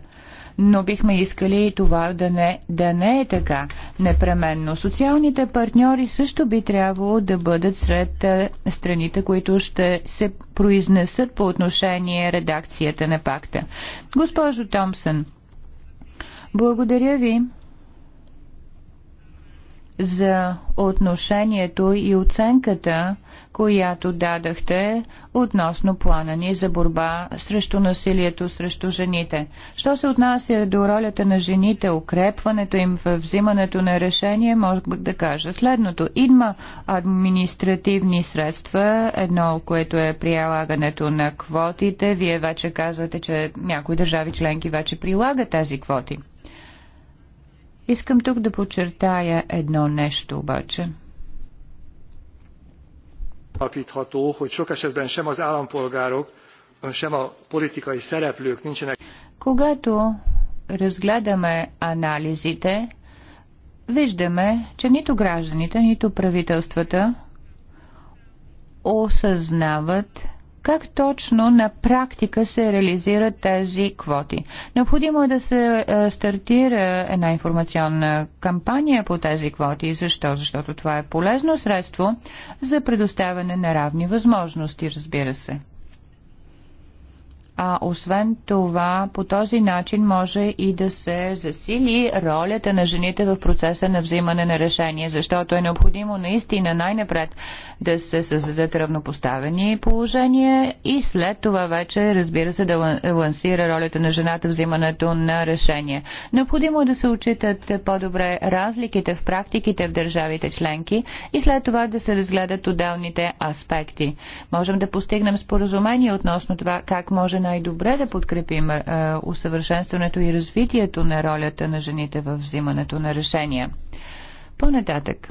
Но бихме искали и това да не, да не е така непременно. Социалните партньори също би трябвало да бъдат сред а, страните, които ще се произнесат по отношение редакцията на пакта. Госпожо Томсън, благодаря ви за отношението и оценката, която дадахте относно плана ни за борба срещу насилието срещу жените. Що се отнася до ролята на жените, укрепването им в взимането на решение, може да кажа следното. Има административни средства, едно, което е прилагането на квотите. Вие вече казвате, че някои държави членки вече прилагат тези квоти. Искам тук да подчертая едно нещо обаче. Когато разгледаме анализите, виждаме, че нито гражданите, нито правителствата осъзнават как точно на практика се реализират тези квоти? Необходимо е да се е, стартира една информационна кампания по тези квоти. Защо? Защото това е полезно средство за предоставяне на равни възможности, разбира се. А освен това, по този начин може и да се засили ролята на жените в процеса на взимане на решение, защото е необходимо наистина най-напред да се създадат равнопоставени положения и след това вече, разбира се, да лансира ролята на жената в взимането на решение. Необходимо е да се отчитат по-добре разликите в практиките в държавите членки и след това да се разгледат отделните аспекти. Можем да постигнем споразумение относно това как може най-добре да подкрепим е, усъвършенстването и развитието на ролята на жените в взимането на решения. По-нататък,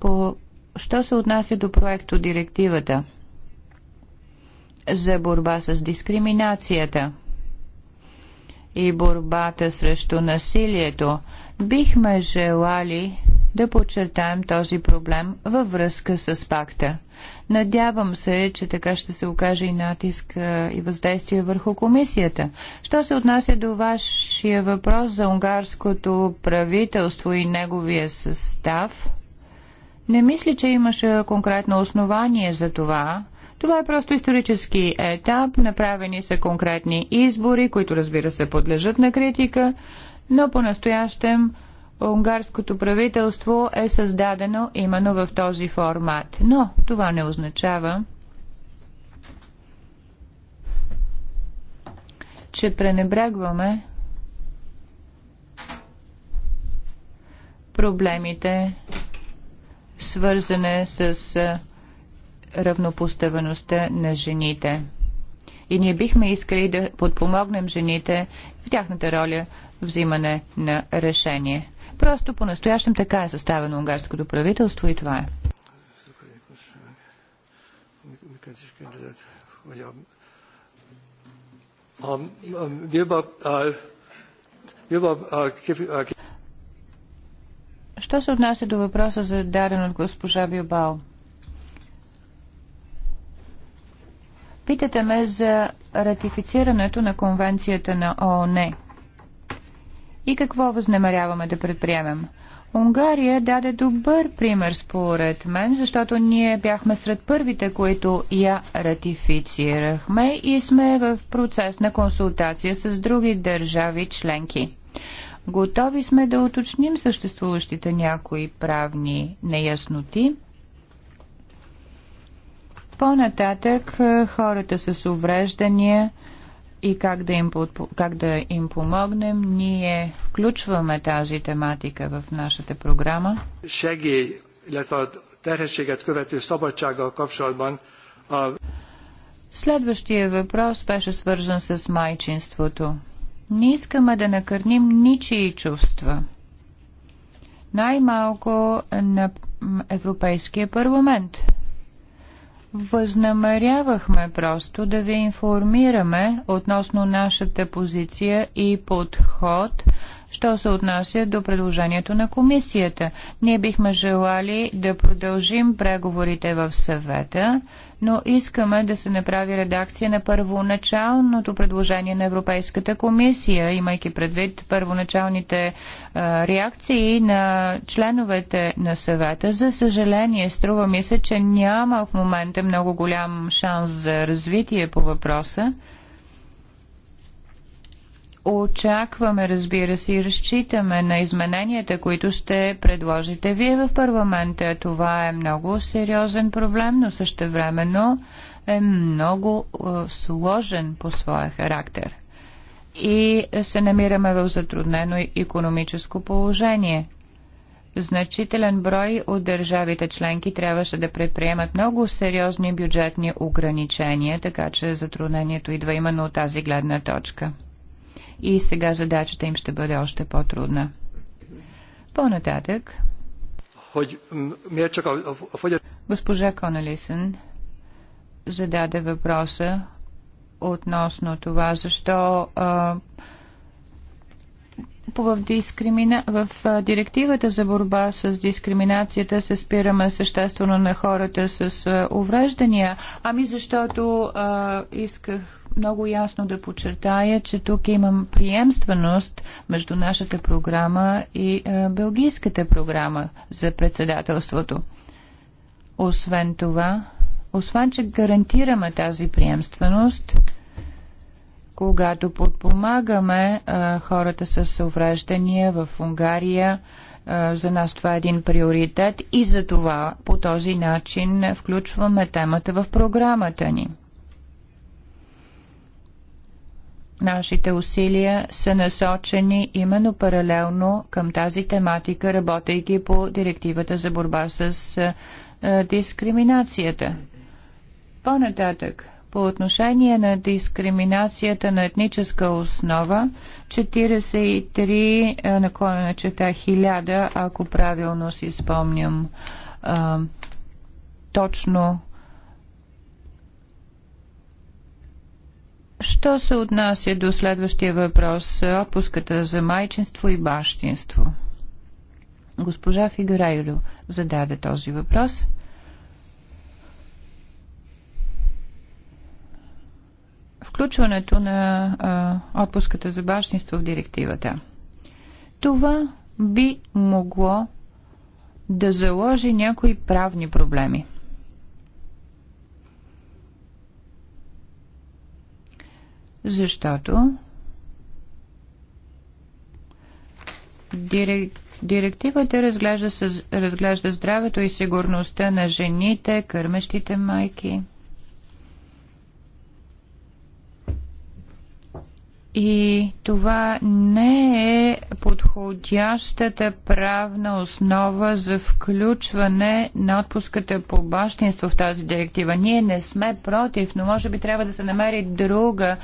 по, що се отнася до проекто директивата за борба с дискриминацията и борбата срещу насилието, бихме желали да подчертаем този проблем във връзка с пакта – Надявам се, че така ще се окаже и натиск и въздействие върху комисията. Що се отнася до вашия въпрос за унгарското правителство и неговия състав, не мисля, че имаше конкретно основание за това. Това е просто исторически етап. Направени са конкретни избори, които разбира се подлежат на критика, но по-настоящем унгарското правителство е създадено именно в този формат. Но това не означава, че пренебрегваме проблемите, свързане с равнопоставеността на жените. И ние бихме искали да подпомогнем жените в тяхната роля взимане на решение. Просто по-настоящем така е съставено унгарското правителство и това е. Що се отнася до въпроса за даден от госпожа Биобал. Питате ме за ратифицирането на конвенцията на ООН и какво възнамеряваме да предприемем. Унгария даде добър пример според мен, защото ние бяхме сред първите, които я ратифицирахме и сме в процес на консултация с други държави членки. Готови сме да уточним съществуващите някои правни неясноти. По-нататък е, хората с увреждания – и как да, им, как да им помогнем, ние включваме тази тематика в нашата програма. Следващия въпрос беше свързан с майчинството. Не искаме да накърним ничии чувства. Най-малко на Европейския парламент. Възнамерявахме просто да ви информираме относно нашата позиция и подход Що се отнася до предложението на комисията? Ние бихме желали да продължим преговорите в съвета, но искаме да се направи редакция на първоначалното предложение на Европейската комисия, имайки предвид първоначалните а, реакции на членовете на съвета. За съжаление, струва ми се, че няма в момента много голям шанс за развитие по въпроса. Очакваме, разбира се, и разчитаме на измененията, които ще предложите вие в парламента. Това е много сериозен проблем, но също времено е много е, сложен по своя характер. И се намираме в затруднено економическо положение. Значителен брой от държавите членки трябваше да предприемат много сериозни бюджетни ограничения, така че затруднението идва именно от тази гледна точка и сега задачата им ще бъде още по-трудна. По-нататък, госпожа Конелисън зададе въпроса относно това, защо а, в, дискримина... в директивата за борба с дискриминацията се спираме съществено на хората с увреждания. Ами защото а, исках много ясно да подчертая, че тук имам приемственост между нашата програма и е, белгийската програма за председателството. Освен това, освен, че гарантираме тази приемственост, когато подпомагаме а, е, хората с увреждания в Унгария. Е, за нас това е един приоритет и за това по този начин включваме темата в програмата ни. Нашите усилия са насочени именно паралелно към тази тематика, работейки по директивата за борба с е, е, дискриминацията. По-нататък, по отношение на дискриминацията на етническа основа, 43 наклонена чета 1000, ако правилно си спомням е, точно Що се отнася до следващия въпрос? Отпуската за майчинство и бащинство. Госпожа Фигарайлю зададе този въпрос. Включването на а, отпуската за бащинство в директивата. Това би могло да заложи някои правни проблеми. защото Директивата разглежда, с, разглежда здравето и сигурността на жените, кърмещите майки. И това не е подходящата правна основа за включване на отпуската по бащинство в тази директива. Ние не сме против, но може би трябва да се намери друга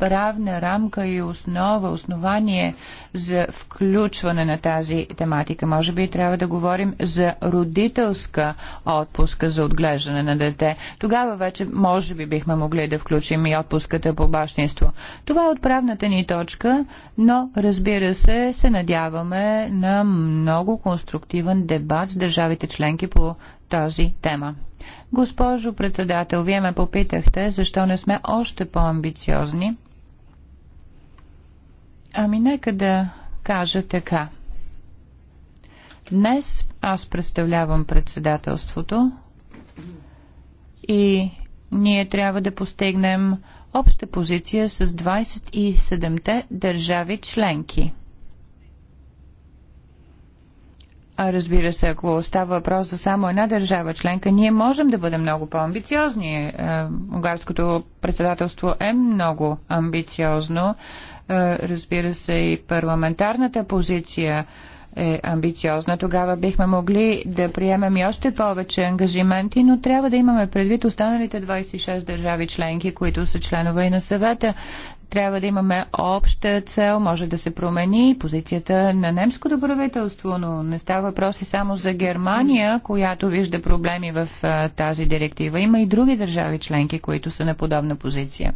правна рамка и основа, основание за включване на тази тематика. Може би трябва да говорим за родителска отпуска за отглеждане на дете. Тогава вече може би бихме могли да включим и отпуската по бащинство. Това е отправната ни точка, но разбира се, се надяваме на много конструктивен дебат с държавите членки по тази тема. Госпожо председател, вие ме попитахте защо не сме още по-амбициозни – Ами нека да кажа така. Днес аз представлявам председателството и ние трябва да постигнем обща позиция с 27-те държави членки. А разбира се, ако става въпрос за само една държава членка, ние можем да бъдем много по-амбициозни. Е, Унгарското председателство е много амбициозно. Е, разбира се, и парламентарната позиция е амбициозна, тогава бихме могли да приемем и още повече ангажименти, но трябва да имаме предвид останалите 26 държави членки, които са членове и на съвета. Трябва да имаме обща цел, може да се промени позицията на немското правителство, но не става въпрос и само за Германия, която вижда проблеми в е, тази директива. Има и други държави членки, които са на подобна позиция.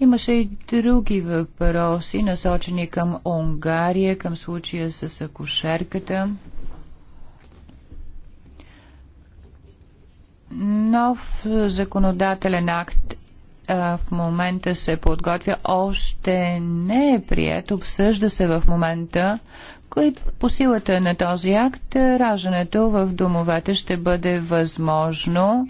Имаше и други въпроси, насочени към Унгария, към случая с акушерката. Нов законодателен акт в момента се подготвя. Още не е прият, обсъжда се в момента. Кой по силата на този акт раждането в домовете ще бъде възможно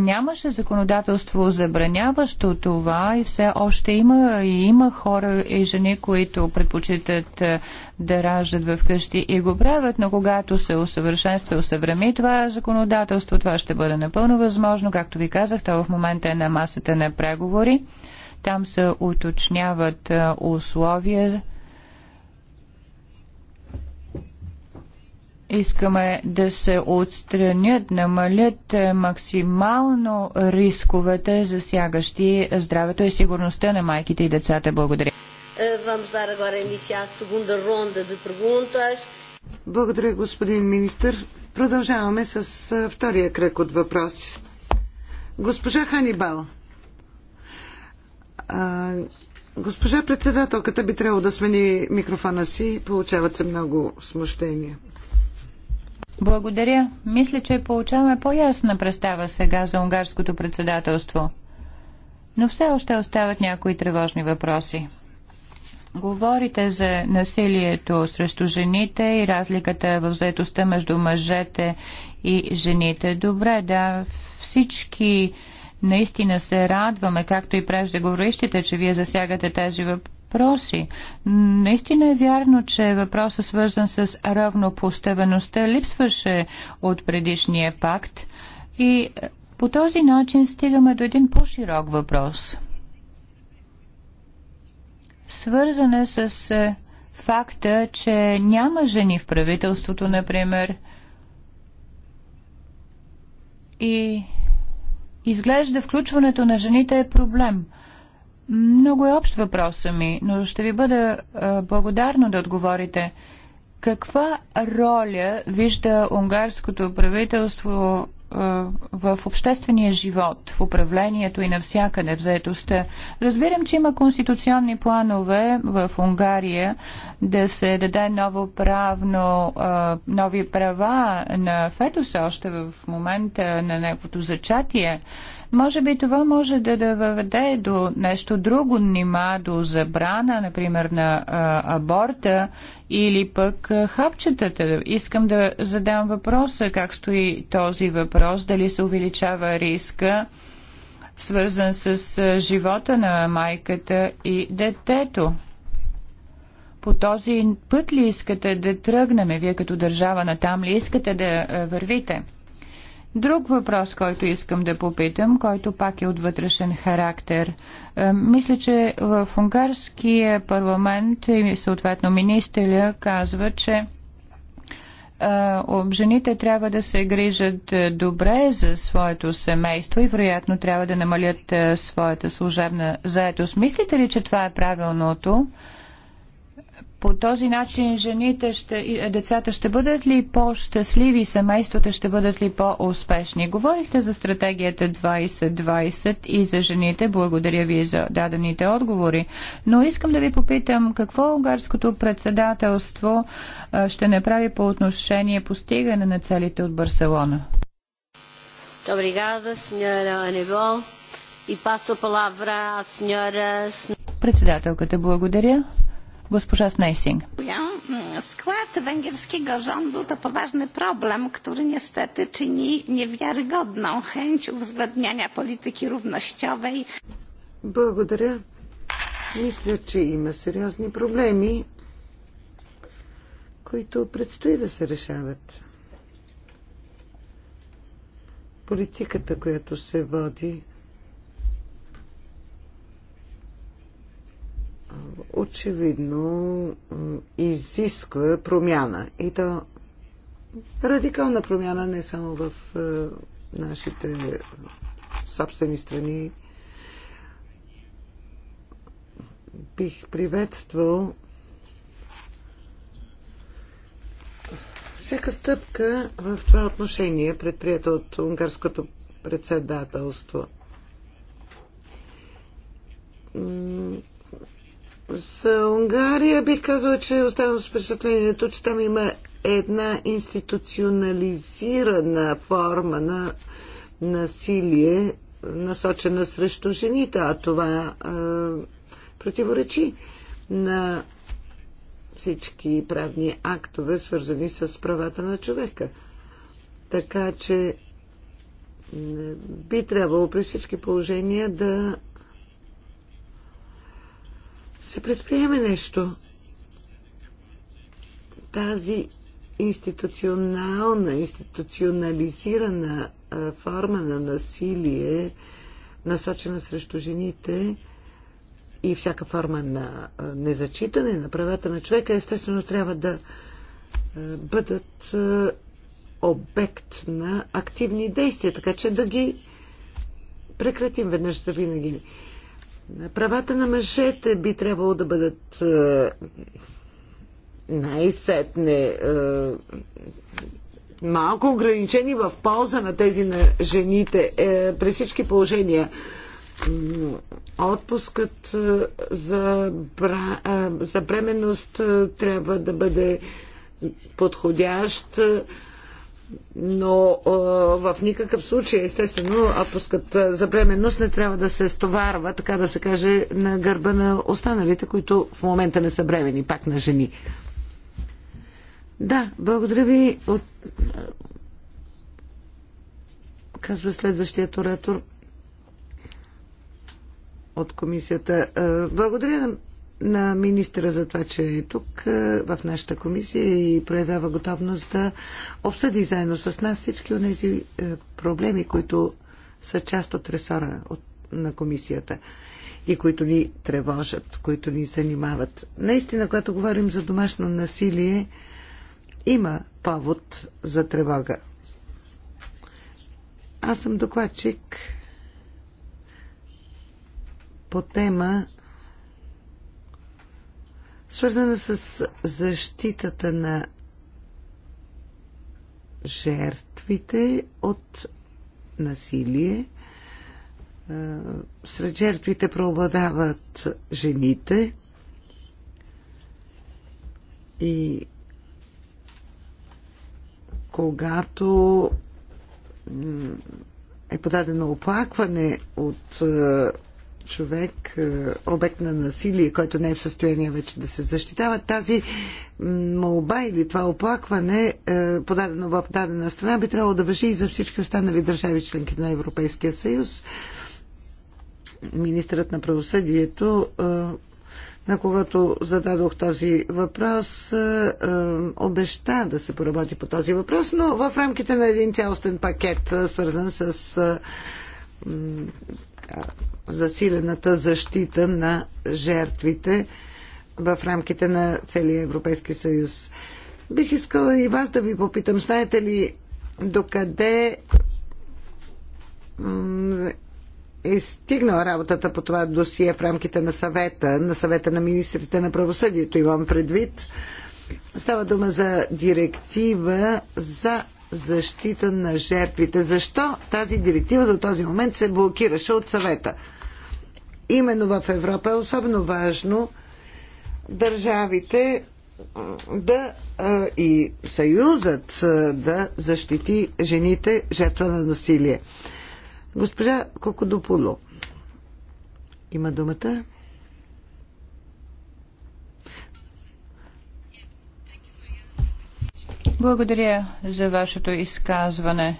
нямаше законодателство забраняващо това и все още има и има хора и жени, които предпочитат да раждат в къщи и го правят, но когато се усъвършенства и усъвреми това законодателство, това ще бъде напълно възможно. Както ви казах, то в момента е на масата на преговори. Там се уточняват условия Искаме да се отстранят, намалят е, максимално рисковете, засягащи здравето и сигурността на майките и децата. Благодаря. Е, Благодаря, господин министр. Продължаваме с е, втория кръг от въпроси. Госпожа Ханибал. А, госпожа председателката би трябвало да смени микрофона си. Получават се много смущения. Благодаря. Мисля, че получаваме по-ясна представа сега за унгарското председателство. Но все още остават някои тревожни въпроси. Говорите за насилието срещу жените и разликата в заетостта между мъжете и жените. Добре, да, всички наистина се радваме, както и преждеговорищите, че вие засягате тези въпроси въпроси. Наистина е вярно, че въпросът свързан с равнопоставеността липсваше от предишния пакт и е, по този начин стигаме до един по-широк въпрос. Свързан е с е, факта, че няма жени в правителството, например, и изглежда включването на жените е проблем – много е общ въпроса ми, но ще ви бъда благодарна да отговорите. Каква роля вижда унгарското правителство в обществения живот, в управлението и навсякъде, в заедостта. Разбирам, че има конституционни планове в Унгария да се даде ново правно, нови права на Фетоса още в момента на неговото зачатие. Може би това може да, да въведе до нещо друго, нима до забрана, например, на а, аборта или пък а, хапчетата. Искам да задам въпроса, как стои този въпрос, дали се увеличава риска свързан с живота на майката и детето. По този път ли искате да тръгнем? Вие като държава на там ли искате да вървите? Друг въпрос, който искам да попитам, който пак е от вътрешен характер. Е, мисля, че в унгарския парламент и съответно министеля казва, че е, жените трябва да се грижат е, добре за своето семейство и вероятно трябва да намалят своята служебна заетост. Мислите ли, че това е правилното? По този начин жените ще, децата ще бъдат ли по-щастливи, семействата ще бъдат ли по-успешни? Говорихте за стратегията 2020 и за жените. Благодаря ви за дадените отговори. Но искам да ви попитам какво унгарското председателство ще направи по отношение постигане на целите от Барселона. И пасо палавра, Председателката благодаря. Госпожа Снейсинг. Skład węgierskiego rządu to poważny problem, który niestety czyni niewiarygodną chęć uwzględniania polityki równościowej. Благодаря. Мисля, че има сериозни проблеми, които предстои да се решават. Политиката, която се води очевидно изисква промяна. И то радикална промяна не само в е, нашите собствени страни. Бих приветствал всяка стъпка в това отношение, предприята от унгарското председателство за Унгария бих казала, че оставам с впечатлението, че там има една институционализирана форма на насилие, насочена срещу жените, а това е, противоречи на всички правни актове, свързани с правата на човека. Така че би трябвало при всички положения да се предприеме нещо. Тази институционална, институционализирана форма на насилие, насочена срещу жените и всяка форма на незачитане на правата на човека, естествено трябва да бъдат обект на активни действия, така че да ги прекратим веднъж за винаги. Правата на мъжете би трябвало да бъдат е, най-сетне е, малко ограничени в полза на тези на жените е, при всички положения. Отпускът е, за, бра, за бременност трябва да бъде подходящ но в никакъв случай, естествено, отпускът за бременност не трябва да се стоварва, така да се каже, на гърба на останалите, които в момента не са бремени, пак на жени. Да, благодаря ви. От... Казва следващият оратор от комисията. Благодаря на министра за това, че е тук е, в нашата комисия и проявява готовност да обсъди заедно с нас всички от тези е, проблеми, които са част от ресора на комисията и които ни тревожат, които ни занимават. Наистина, когато говорим за домашно насилие, има повод за тревога. Аз съм докладчик по тема свързана с защитата на жертвите от насилие. Сред жертвите преобладават жените и когато е подадено оплакване от човек, е, обект на насилие, който не е в състояние вече да се защитава, тази молба или това оплакване, е, подадено в дадена страна, би трябвало да въжи и за всички останали държави, членки на Европейския съюз. Министърът на правосъдието е, на когато зададох този въпрос, обеща да се поработи по този въпрос, но в рамките на един цялостен пакет, свързан с засилената защита на жертвите в рамките на целия Европейски съюз. Бих искала и вас да ви попитам, знаете ли докъде е стигнала работата по това досие в рамките на съвета, на съвета на министрите на правосъдието, имам предвид. Става дума за директива за защита на жертвите. Защо тази директива до този момент се блокираше от съвета? Именно в Европа е особено важно държавите да и съюзът да защити жените жертва на насилие. Госпожа Кокодополо има думата. Благодаря за вашето изказване.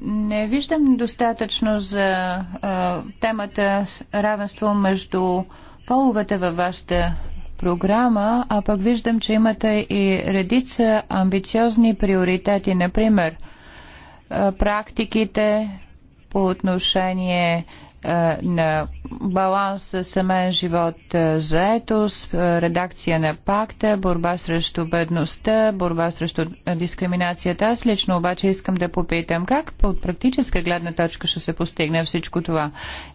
Не виждам достатъчно за а, темата равенство между половете във вашата програма, а пък виждам, че имате и редица амбициозни приоритети, например практиките по отношение е, на баланс семейен живот е, заетост, е, редакция на пакта, борба срещу бедността, борба срещу дискриминацията. Аз лично обаче искам да попитам как от практическа гледна точка ще се постигне всичко това.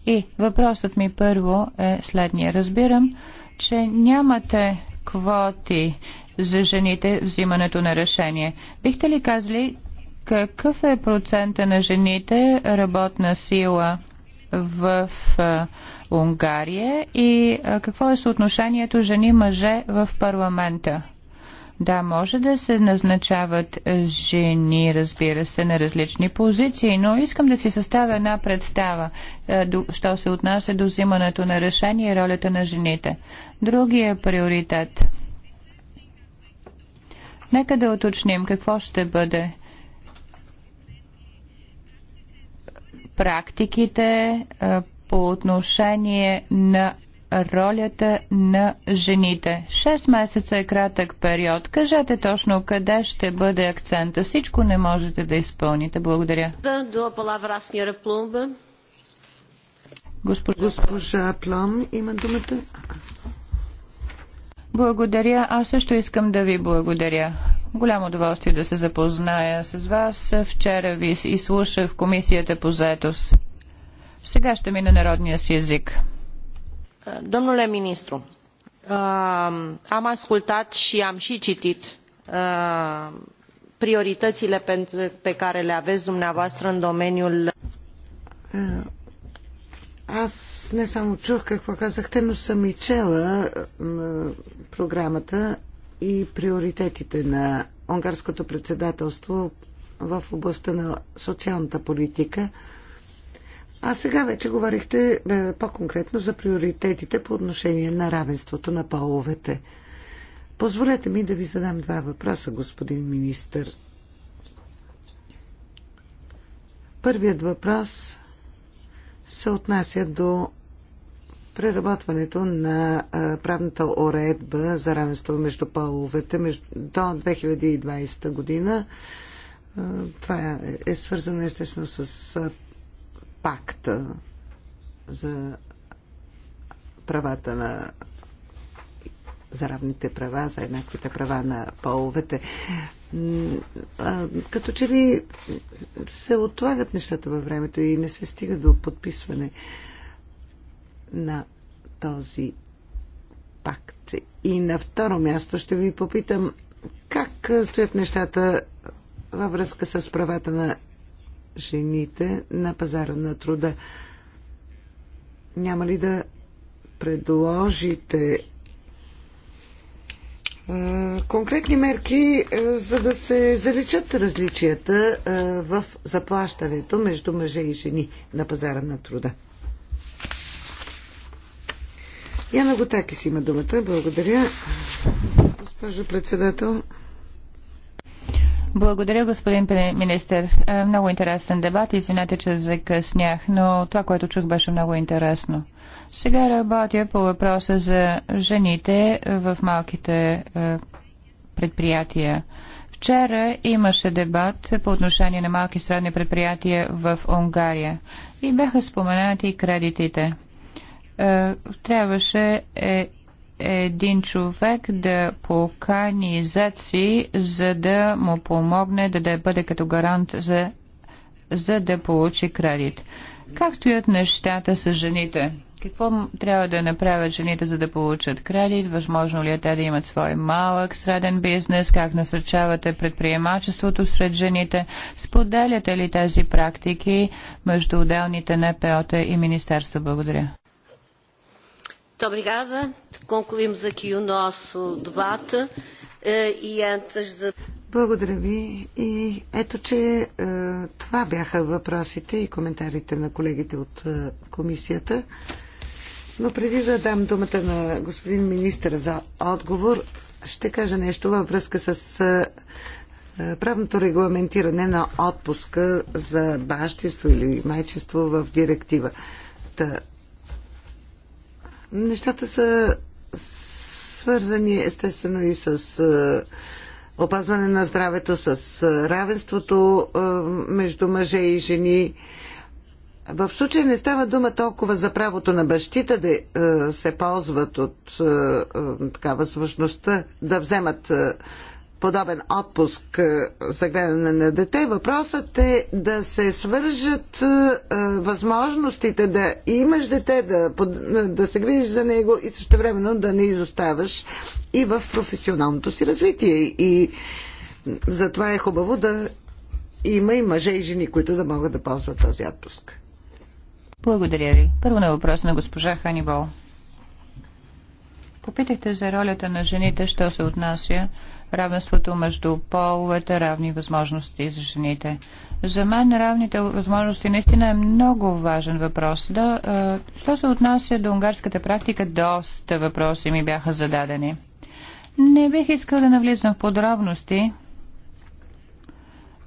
И въпросът ми първо е следния. Разбирам, че нямате квоти за жените взимането на решение. Бихте ли казали какъв е процента на жените работна сила? в Унгария и какво е съотношението жени-мъже в парламента? Да, може да се назначават жени, разбира се, на различни позиции, но искам да си съставя една представа, що се отнася до взимането на решение и ролята на жените. Другия приоритет. Нека да уточним какво ще бъде практиките по отношение на ролята на жените. Шест месеца е кратък период. Кажете точно къде ще бъде акцента. Всичко не можете да изпълните. Благодаря. Госпожа Плам има думата. Благодаря. Аз също искам да ви благодаря. Голямо удоволствие да се запозная с вас. Вчера ви изслушах в Комисията по заетост. Сега ще мина народния си език. Domnule ministru, am ascultat și am și citit prioritățile pe care le aveți dumneavoastră în domeniul Аз не само чух какво казахте, но съм и чела програмата и приоритетите на унгарското председателство в областта на социалната политика. А сега вече говорихте е, по-конкретно за приоритетите по отношение на равенството на половете. Позволете ми да ви задам два въпроса, господин министр. Първият въпрос се отнася до преработването на правната уредба за равенство между половете до 2020 година. Това е, е свързано естествено с пакта за правата на за равните права, за еднаквите права на половете. Като че ли се отлагат нещата във времето и не се стига до подписване на този пакт. И на второ място ще ви попитам как стоят нещата във връзка с правата на жените на пазара на труда. Няма ли да предложите конкретни мерки, за да се заличат различията в заплащането между мъже и жени на пазара на труда? Яна Готакис има думата. Благодаря. Госпожо председател. Благодаря, господин министр. Е, много интересен дебат. Извинете, че закъснях, но това, което чух, беше много интересно. Сега работя по въпроса за жените в малките е, предприятия. Вчера имаше дебат по отношение на малки и средни предприятия в Унгария и бяха споменати кредитите. Е, трябваше е, един човек да покани заци, за да му помогне да, да бъде като гарант за, за да получи кредит. Как стоят нещата с жените? Какво трябва да направят жените, за да получат кредит? Възможно ли е те да имат свой малък среден бизнес? Как насърчавате предприемачеството сред жените? Споделяте ли тези практики между отделните НПО-та и Министерства? Благодаря. Muito obrigada. Concluímos aqui o nosso debate и eh, e antes de... Благодаря ви. И ето, че е, това бяха въпросите и коментарите на колегите от е, комисията. Но преди да дам думата на господин министър за отговор, ще кажа нещо във връзка с е, правното регламентиране на отпуска за бащинство или майчество в директива. Нещата са свързани естествено и с е, опазване на здравето, с е, равенството е, между мъже и жени. В случая не става дума толкова за правото на бащите да се ползват от така, възможността да вземат подобен отпуск е, за гледане на дете, въпросът е да се свържат е, е, възможностите да имаш дете, да, да се грижиш за него и също времено да не изоставаш и в професионалното си развитие. И затова е хубаво да има и мъже и жени, които да могат да ползват този отпуск. Благодаря ви. Първо на въпрос на госпожа Ханибол. Попитахте за ролята на жените, що се отнася равенството между половете, равни възможности за жените. За мен равните възможности наистина е много важен въпрос. Да, е, що се отнася до унгарската практика, доста въпроси ми бяха зададени. Не бих искал да навлизам в подробности,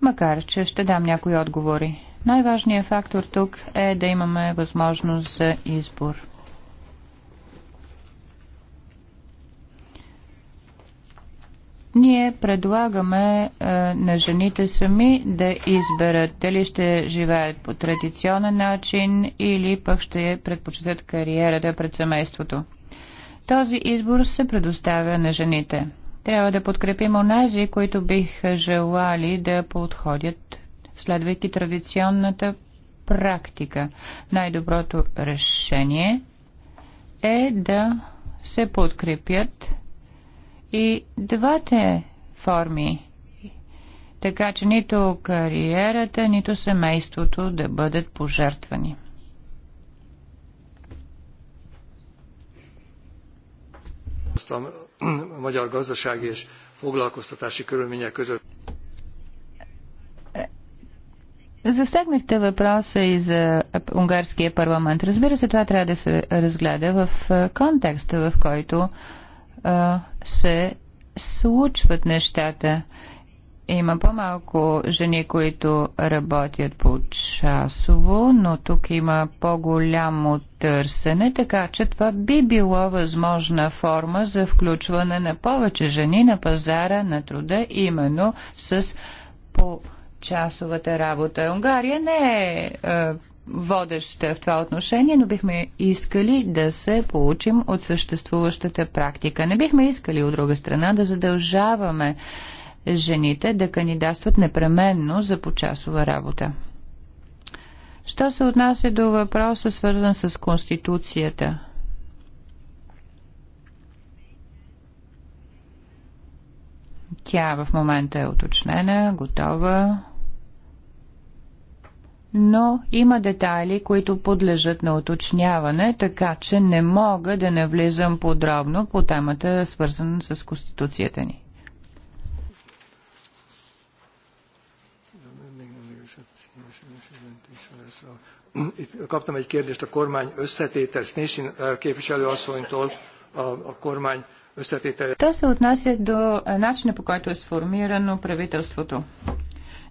макар че ще дам някои отговори. Най-важният фактор тук е да имаме възможност за избор. Ние предлагаме е, на жените сами да изберат дали ще живеят по традиционен начин или пък ще предпочитат кариерата пред семейството. Този избор се предоставя на жените. Трябва да подкрепим онази, които бих желали да подходят, следвайки традиционната практика. Най-доброто решение е да се подкрепят и двете форми. Така че нито кариерата, нито семейството да бъдат пожертвани. magyar Засегнахте въпроса и за унгарския парламент. Разбира се, това трябва да се разгледа в контекста, в който се случват нещата. Има по-малко жени, които работят по часово, но тук има по-голямо търсене, така че това би било възможна форма за включване на повече жени на пазара на труда, именно с по часовата работа. Унгария не е, е водеща в това отношение, но бихме искали да се получим от съществуващата практика. Не бихме искали, от друга страна, да задължаваме жените да кандидатстват непременно за почасова работа. Що се отнася до въпроса, свързан с Конституцията? Тя в момента е уточнена, готова но има детайли, които подлежат на уточняване, така че не мога да не влизам подробно по темата, свързана с Конституцията ни. Kaptam egy kérdést a kormány összetétel, Snésin eh, a, a kormány összetétel. се отнася до начина по който е сформирано правителството.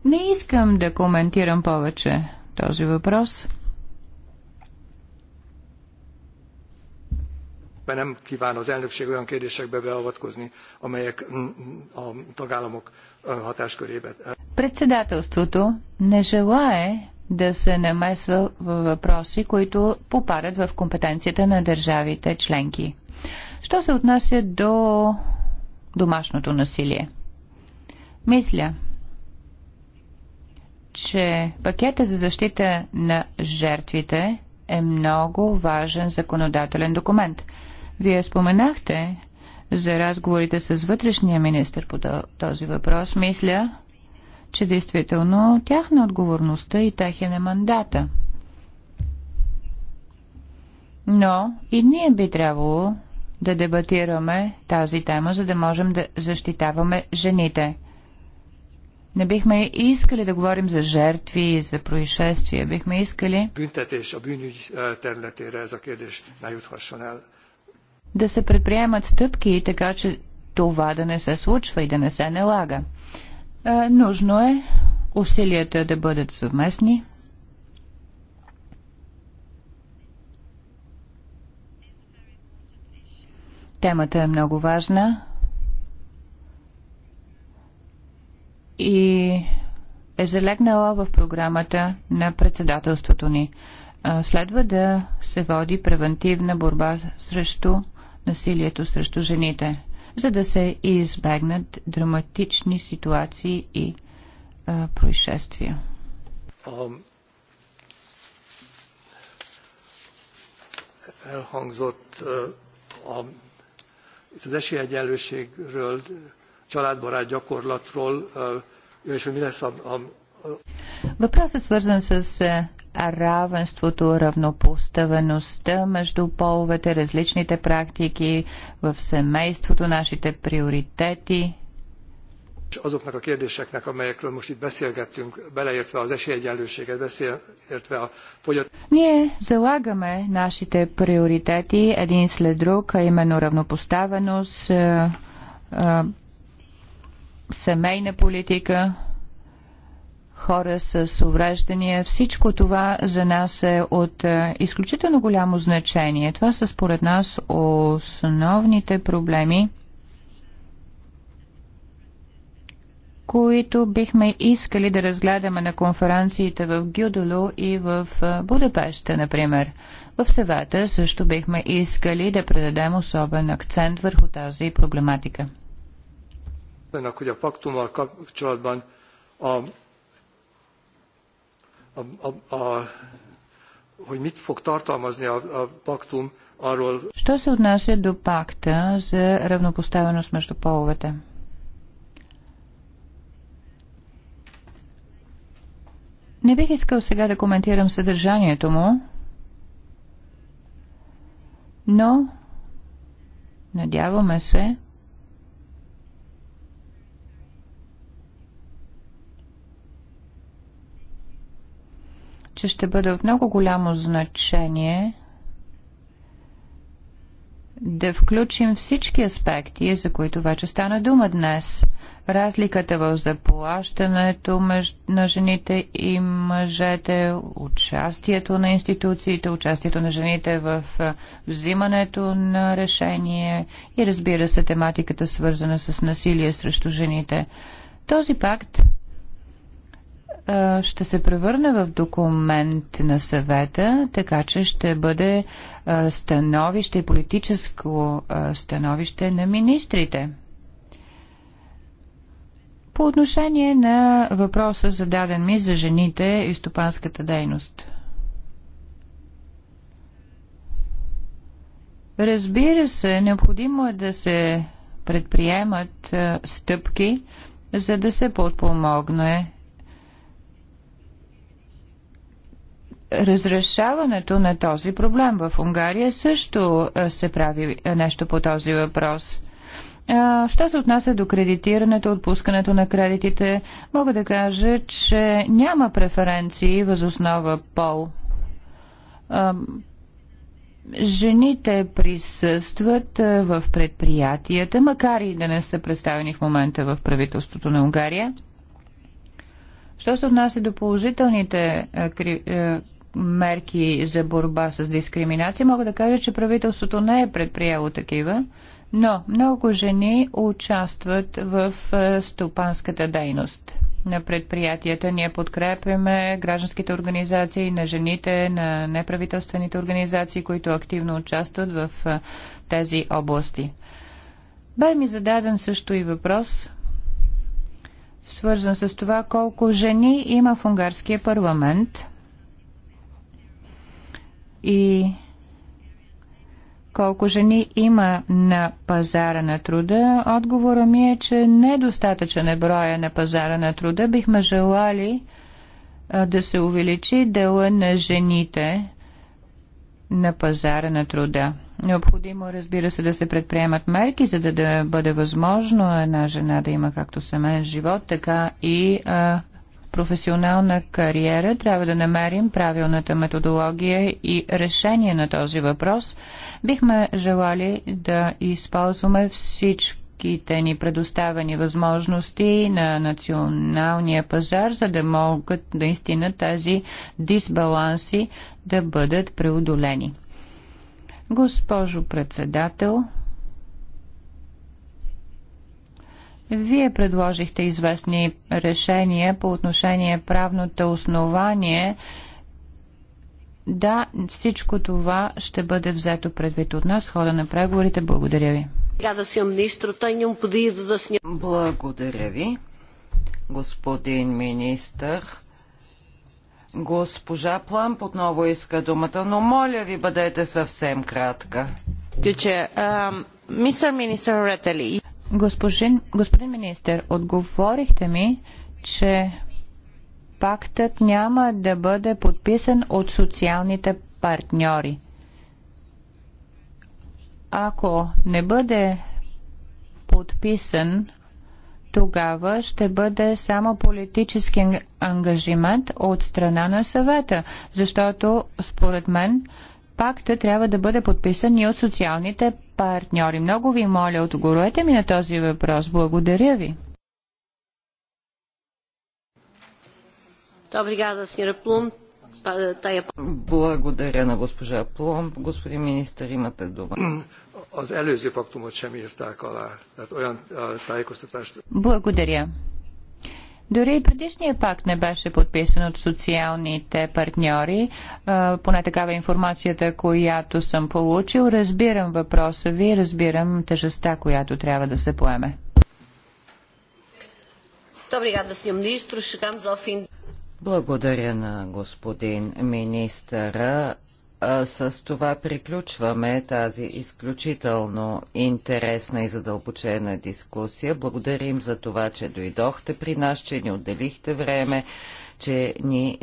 Не искам да коментирам повече този въпрос. nem kíván az elnökség olyan kérdésekbe beavatkozni, amelyek a tagállamok hatáskörébe. Председателството не желае да се намесва в въпроси, които попадат в компетенцията на държавите членки. Що се отнася до домашното насилие? Мисля, че пакета за защита на жертвите е много важен законодателен документ. Вие споменахте за разговорите с вътрешния министр по този въпрос. Мисля, че действително тяхна отговорността и тях е мандата. Но и ние би трябвало да дебатираме тази тема, за да можем да защитаваме жените. Не бихме искали да говорим за жертви, за происшествия. Бихме искали е, да се предприемат стъпки, така че това да не се случва и да не се налага. Е, нужно е усилията да бъдат съвместни. Темата е много важна и е залегнала в програмата на председателството ни. Следва да се води превентивна борба срещу насилието срещу жените, за да се избегнат драматични ситуации и а, происшествия. Um, цялатборат е Въпросът свързан с е, равенството, равнопоставеността между половете, различните практики в семейството, нашите приоритети. Ние залагаме нашите приоритети един след друг, а именно равнопоставеност, е, е, семейна политика, хора с увреждания. Всичко това за нас е от е, изключително голямо значение. Това са според нас основните проблеми, които бихме искали да разгледаме на конференциите в Гюдоло и в е, Будапеща, например. В съвета също бихме искали да предадем особен акцент върху тази проблематика önnek, hogy a paktummal kapcsolatban a, a, a, hogy mit fog tartalmazni a, a paktum, arról... Что се отнася до пакта за равнопоставеност между половете? Не бих искал сега да коментирам съдържанието му, но надяваме се, че ще бъде от много голямо значение да включим всички аспекти, за които вече стана дума днес. Разликата в заплащането на жените и мъжете, участието на институциите, участието на жените в взимането на решение и разбира се тематиката свързана с насилие срещу жените. Този пакт е, ще се превърне в документ на съвета, така че ще бъде е, становище, политическо е, становище на министрите. По отношение на въпроса зададен ми за жените и стопанската дейност. Разбира се, необходимо е да се предприемат стъпки, за да се подпомогне разрешаването на този проблем. В Унгария също се прави нещо по този въпрос. Що се отнася до кредитирането, отпускането на кредитите, мога да кажа, че няма преференции възоснова пол. Жените присъстват в предприятията, макар и да не са представени в момента в правителството на Унгария. Що се отнася до положителните мерки за борба с дискриминация, мога да кажа, че правителството не е предприело такива, но много жени участват в е, стопанската дейност на предприятията. Ние подкрепяме гражданските организации на жените, на неправителствените организации, които активно участват в е, тези области. Бе ми зададен също и въпрос, свързан с това колко жени има в унгарския парламент – и колко жени има на пазара на труда, отговора ми е, че недостатъчен е броя на пазара на труда. Бихме желали а, да се увеличи дела на жените на пазара на труда. Необходимо, разбира се, да се предприемат мерки, за да, да бъде възможно една жена да има както семейен живот, така и а, професионална кариера, трябва да намерим правилната методология и решение на този въпрос. Бихме желали да използваме всичките ни предоставени възможности на националния пазар, за да могат наистина тези дисбаланси да бъдат преодолени. Госпожо председател, Вие предложихте известни решения по отношение правното основание. Да, всичко това ще бъде взето предвид от нас. Хода на преговорите. Благодаря ви. Um Благодаря ви, господин министър. Госпожа Пламп отново иска думата, но моля ви бъдете съвсем кратка. Мистер министър Ретели. Госпожин, господин министр, отговорихте ми, че пактът няма да бъде подписан от социалните партньори. Ако не бъде подписан, тогава ще бъде само политически ангажимент от страна на съвета, защото според мен пакта трябва да бъде подписан и от социалните партньори. Много ви моля, отговорете ми на този въпрос. Благодаря ви. Благодаря на госпожа Плум. Господин министър, имате дума. Благодаря. Дори и предишния пакт не беше подписан от социалните партньори. Поне такава е информацията, която съм получил. Разбирам въпроса ви, разбирам тежестта, която трябва да се поеме. Благодаря на господин министъра а, с това приключваме тази изключително интересна и задълбочена дискусия. Благодарим за това, че дойдохте при нас, че ни отделихте време, че ни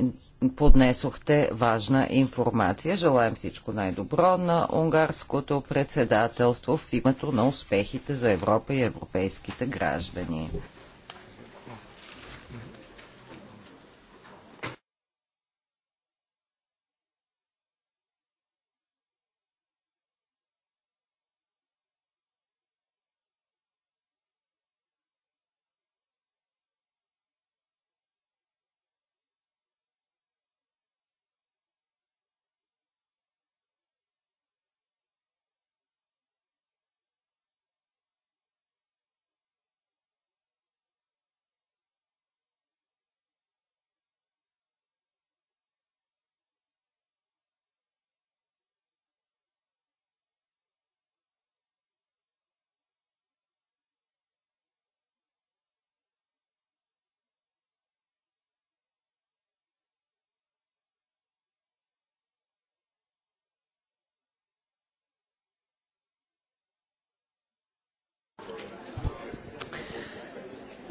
поднесохте важна информация. Желаем всичко най-добро на унгарското председателство в името на успехите за Европа и европейските граждани.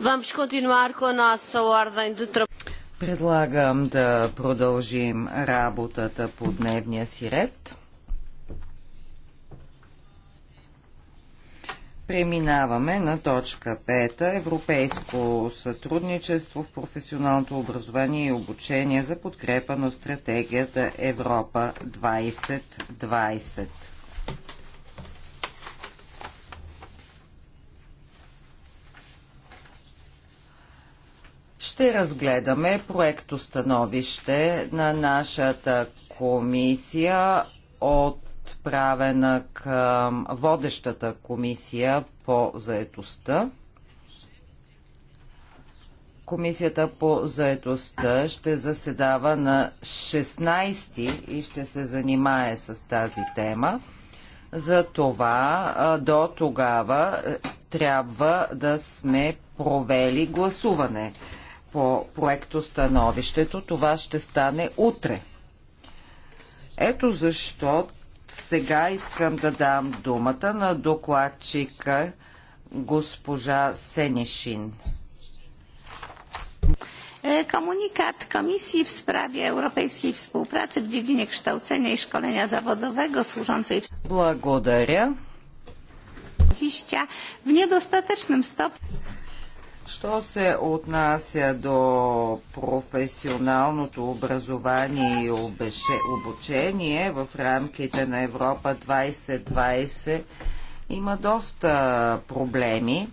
Vamos continuar com a nossa ordem de trabalho. Предлагам да продължим работата по дневния си ред. Преминаваме на точка 5. Европейско сътрудничество в професионалното образование и обучение за подкрепа на стратегията Европа 2020. ще разгледаме проектостановище на нашата комисия отправена към водещата комисия по заетостта. Комисията по заетостта ще заседава на 16 и ще се занимае с тази тема. За това до тогава е, трябва да сме провели гласуване по проекто становището. Това ще стане утре. Ето защо сега искам да дам думата на докладчика госпожа Сенешин. Komunikat Komisji w sprawie europejskiej współpracy w dziedzinie kształcenia i szkolenia zawodowego służącej Благодаря. w niedostatecznym stopniu Що се отнася до професионалното образование и обучение в рамките на Европа 2020, има доста проблеми.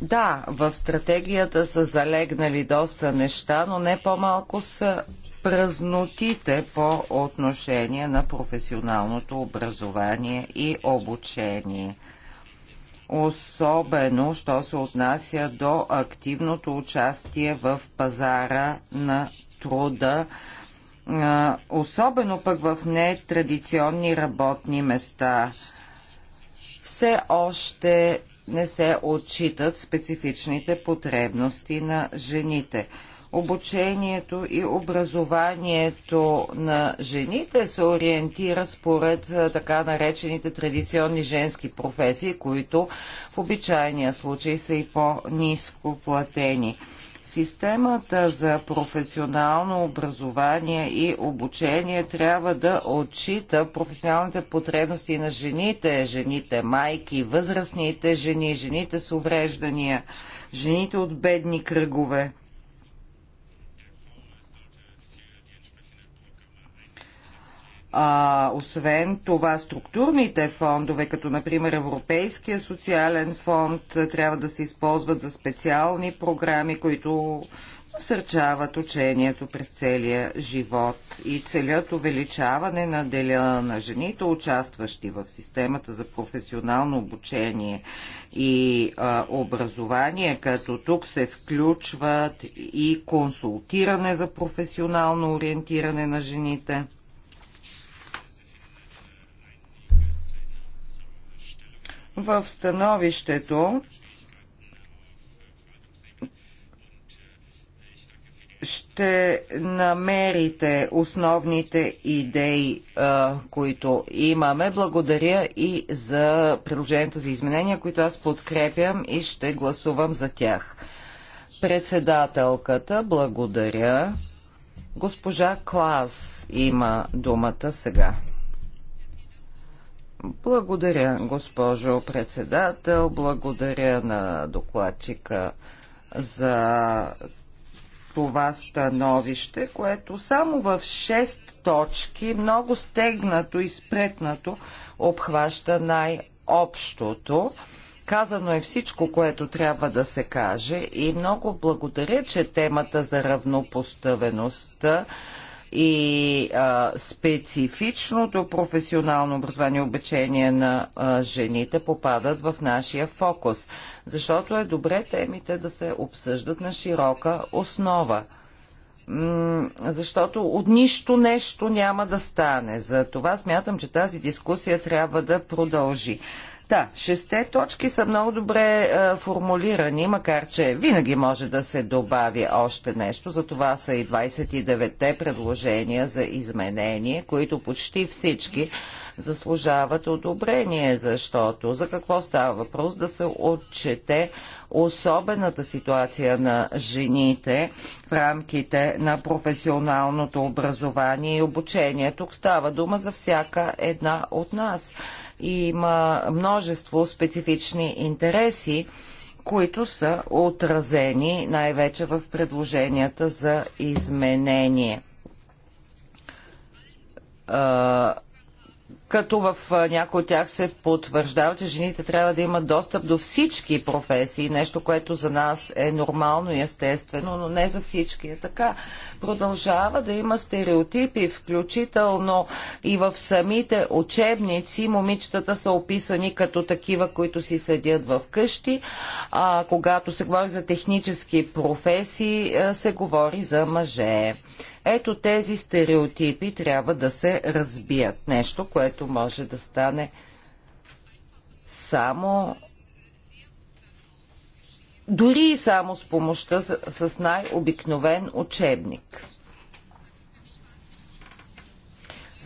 Да, в стратегията са залегнали доста неща, но не по-малко са празнотите по отношение на професионалното образование и обучение особено, що се отнася до активното участие в пазара на труда, особено пък в нетрадиционни работни места. Все още не се отчитат специфичните потребности на жените обучението и образованието на жените се ориентира според така наречените традиционни женски професии, които в обичайния случай са и по-низко платени. Системата за професионално образование и обучение трябва да отчита професионалните потребности на жените, жените майки, възрастните жени, жените с увреждания, жените от бедни кръгове. А, освен това, структурните фондове, като например Европейския социален фонд, е, трябва да се използват за специални програми, които насърчават учението през целия живот и целят увеличаване на деля на жените, участващи в системата за професионално обучение и а, образование, като тук се включват и консултиране за професионално ориентиране на жените. В становището ще намерите основните идеи, които имаме. Благодаря и за предложенията за изменения, които аз подкрепям и ще гласувам за тях. Председателката, благодаря. Госпожа Клас има думата сега. Благодаря, госпожо председател. Благодаря на докладчика за това становище, което само в 6 точки много стегнато и спретнато обхваща най-общото. Казано е всичко, което трябва да се каже и много благодаря, че темата за равнопоставеността и а, специфичното професионално образование и обучение на а, жените попадат в нашия фокус, защото е добре темите да се обсъждат на широка основа. М защото от нищо нещо няма да стане. За това смятам, че тази дискусия трябва да продължи. Та, шесте точки са много добре а, е, формулирани, макар че винаги може да се добави още нещо. За това са и 29-те предложения за изменение, които почти всички заслужават одобрение, защото за какво става въпрос да се отчете особената ситуация на жените в рамките на професионалното образование и обучение. Тук става дума за всяка една от нас. Има множество специфични интереси, които са отразени най-вече в предложенията за изменение. като в някои от тях се потвърждава, че жените трябва да имат достъп до всички професии, нещо, което за нас е нормално и естествено, но не за всички е така. Продължава да има стереотипи, включително и в самите учебници. Момичетата са описани като такива, които си седят в къщи, а когато се говори за технически професии, е, се говори за мъже. Ето тези стереотипи трябва да се разбият. Нещо, което може да стане само дори и само с помощта с най-обикновен учебник.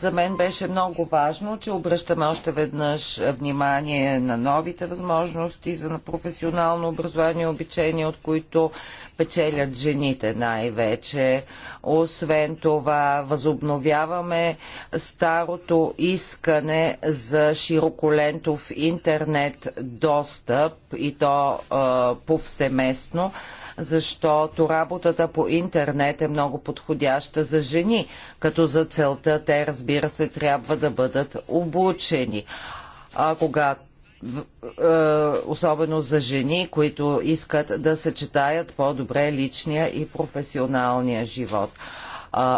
За мен беше много важно, че обръщаме още веднъж внимание на новите възможности за на професионално образование и обучение, от които печелят жените най-вече. Освен това, възобновяваме старото искане за широколентов интернет достъп и то е, повсеместно защото работата по интернет е много подходяща за жени, като за целта те, разбира се, трябва да бъдат обучени. А когато е, особено за жени, които искат да съчетаят по-добре личния и професионалния живот.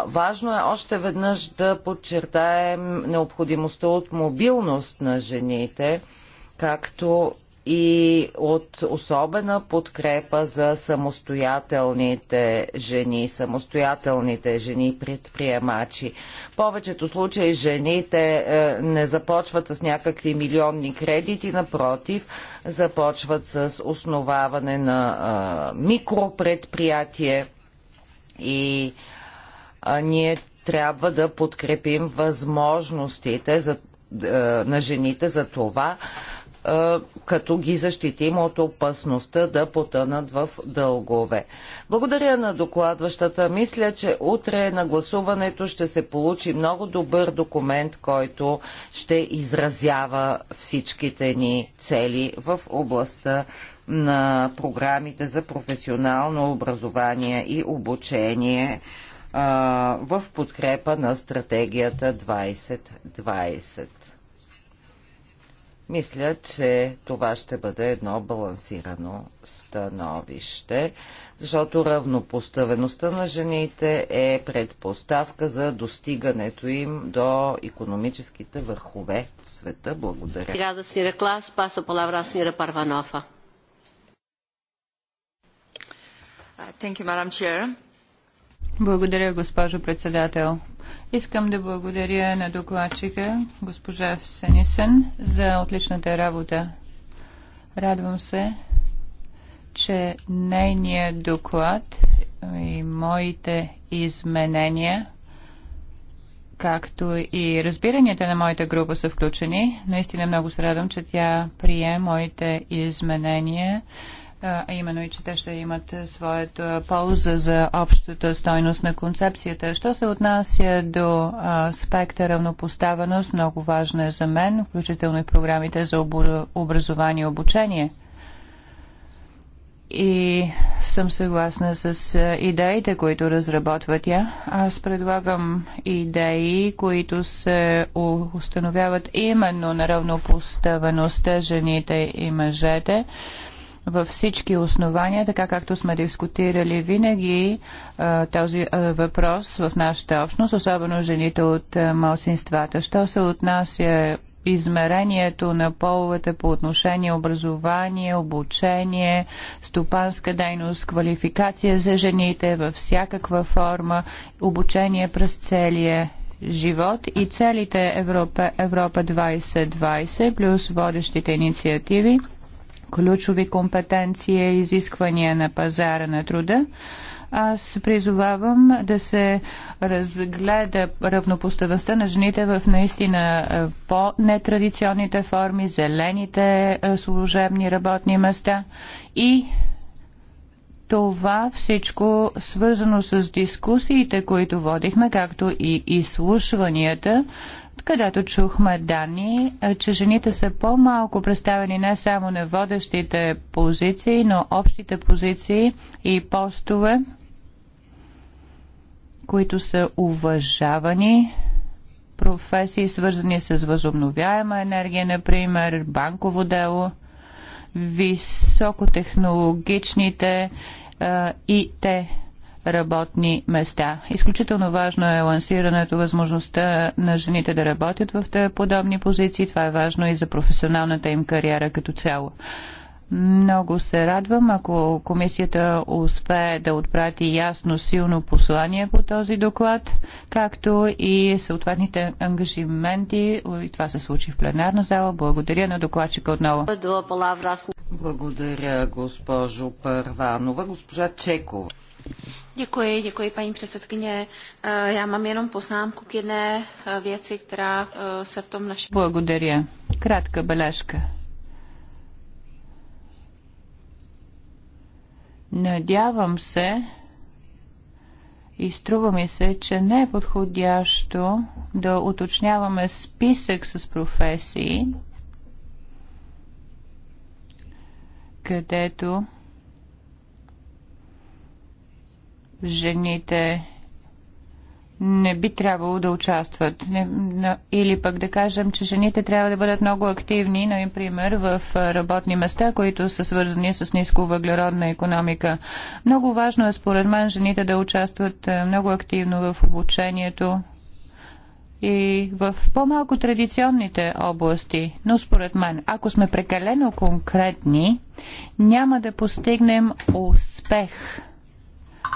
Важно е още веднъж да подчертаем необходимостта от мобилност на жените, както и от особена подкрепа за самостоятелните жени, самостоятелните жени предприемачи. В повечето случаи жените е, не започват с някакви милионни кредити, напротив, започват с основаване на е, микропредприятие и ние трябва да подкрепим възможностите за, е, на жените за това като ги защитим от опасността да потънат в дългове. Благодаря на докладващата. Мисля, че утре на гласуването ще се получи много добър документ, който ще изразява всичките ни цели в областта на програмите за професионално образование и обучение в подкрепа на стратегията 2020. Мисля, че това ще бъде едно балансирано становище, защото равнопоставеността на жените е предпоставка за достигането им до економическите върхове в света. Благодаря. Thank you, Madam Chair. Благодаря, госпожо председател. Искам да благодаря на докладчика, госпожа Сенисен, за отличната работа. Радвам се, че нейният доклад и моите изменения, както и разбиранията на моята група са включени. Наистина много се радвам, че тя прие моите изменения а именно и че те ще имат своята полза за общата стойност на концепцията. Що се отнася до аспекта равнопоставеност, много важна е за мен, включително и програмите за образование и обучение и съм съгласна с идеите, които разработва тя. Аз предлагам идеи, които се установяват именно на равнопоставеността жените и мъжете, във всички основания, така както сме дискутирали винаги е, този е, въпрос в нашата общност, особено жените от е, малцинствата. Що се отнася измерението на половете по отношение образование, обучение, стопанска дейност, квалификация за жените във всякаква форма, обучение през целия живот и целите Европа, Европа 2020 плюс водещите инициативи – ключови компетенции, е изисквания на пазара на труда, аз призовавам да се разгледа равнопоставеността на жените в наистина е, по-нетрадиционните форми, зелените е, служебни работни места и това всичко свързано с дискусиите, които водихме, както и изслушванията, където чухме данни, е, че жените са по-малко представени не само на водещите позиции, но общите позиции и постове, които са уважавани професии, свързани с възобновяема енергия, например, банково дело, високотехнологичните е, и те работни места. Изключително важно е лансирането, възможността на жените да работят в тези подобни позиции. Това е важно и за професионалната им кариера като цяло. Много се радвам, ако комисията успее да отпрати ясно, силно послание по този доклад, както и съответните ангажименти. И това се случи в пленарна зала. Благодаря на докладчика отново. Благодаря, госпожо Първанова. Госпожа Чекова. Děkuji, děkuji paní předsedkyně. Eh, já mám jenom poznámku k jedné eh, věci, která eh, se v tom našem... Благодаря. Кратка бележка. Надявам се и струва ми се, че не е подходящо да уточняваме списък с професии, където жените не би трябвало да участват. Не, но, или пък да кажем, че жените трябва да бъдат много активни, например, в работни места, които са свързани с ниско въглеродна економика. Много важно е, според мен, жените да участват много активно в обучението и в по-малко традиционните области. Но според мен, ако сме прекалено конкретни, няма да постигнем успех –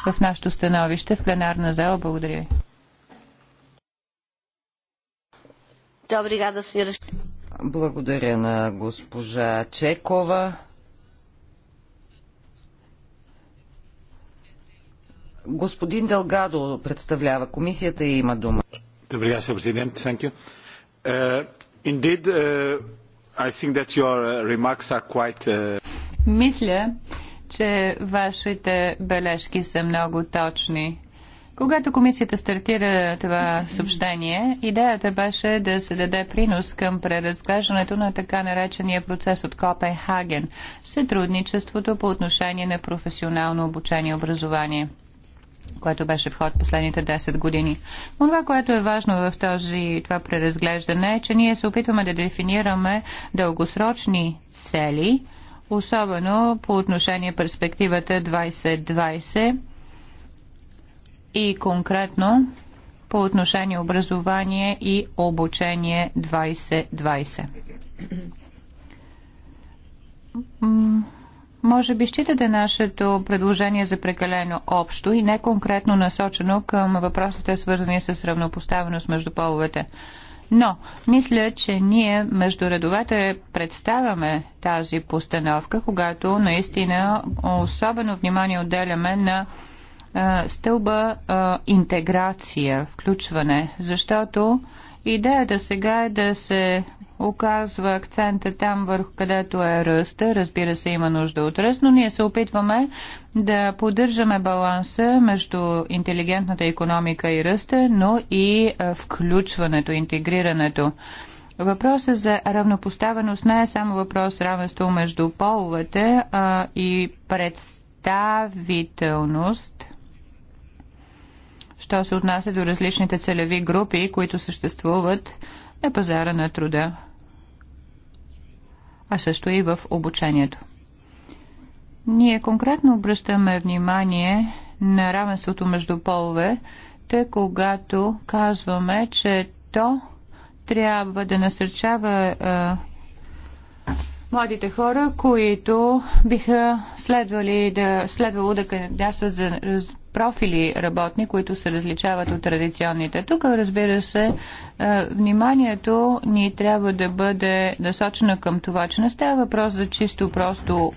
в нашото становище в пленарна зала. Благодаря ви. Благодаря на госпожа Чекова. Господин Делгадо представлява комисията и има дума. Obrigado, Sr. Presidente. Thank you. Uh, indeed, uh, I think that your uh, remarks are quite... Uh... Мисля, че вашите бележки са много точни. Когато комисията стартира това съобщение, идеята беше да се даде принос към преразглеждането на така наречения процес от Копенхаген, сътрудничеството по отношение на професионално обучение и образование което беше в ход последните 10 години. Но това, което е важно в този, това преразглеждане е, че ние се опитваме да дефинираме дългосрочни цели особено по отношение перспективата 2020 и конкретно по отношение образование и обучение 2020. Може би считате нашето предложение за прекалено общо и не конкретно насочено към въпросите, свързани с равнопоставеност между половете. Но, мисля, че ние между редовете представяме тази постановка, когато наистина особено внимание отделяме на а, стълба а, интеграция, включване, защото идеята сега е да се оказва акцента там върху където е ръста. Разбира се, има нужда от ръст, но ние се опитваме да поддържаме баланса между интелигентната економика и ръста, но и включването, интегрирането. Въпросът за равнопоставеност не е само въпрос равенство между половете а и представителност, що се отнася до различните целеви групи, които съществуват на пазара на труда а също и в обучението. Ние конкретно обръщаме внимание на равенството между полове, те когато казваме, че то трябва да насърчава е, младите хора, които биха следвали да, следвало да кандидатстват за профили работни, които се различават от традиционните. Тук, разбира се, е, вниманието ни трябва да бъде насочено към това, че не става въпрос за чисто просто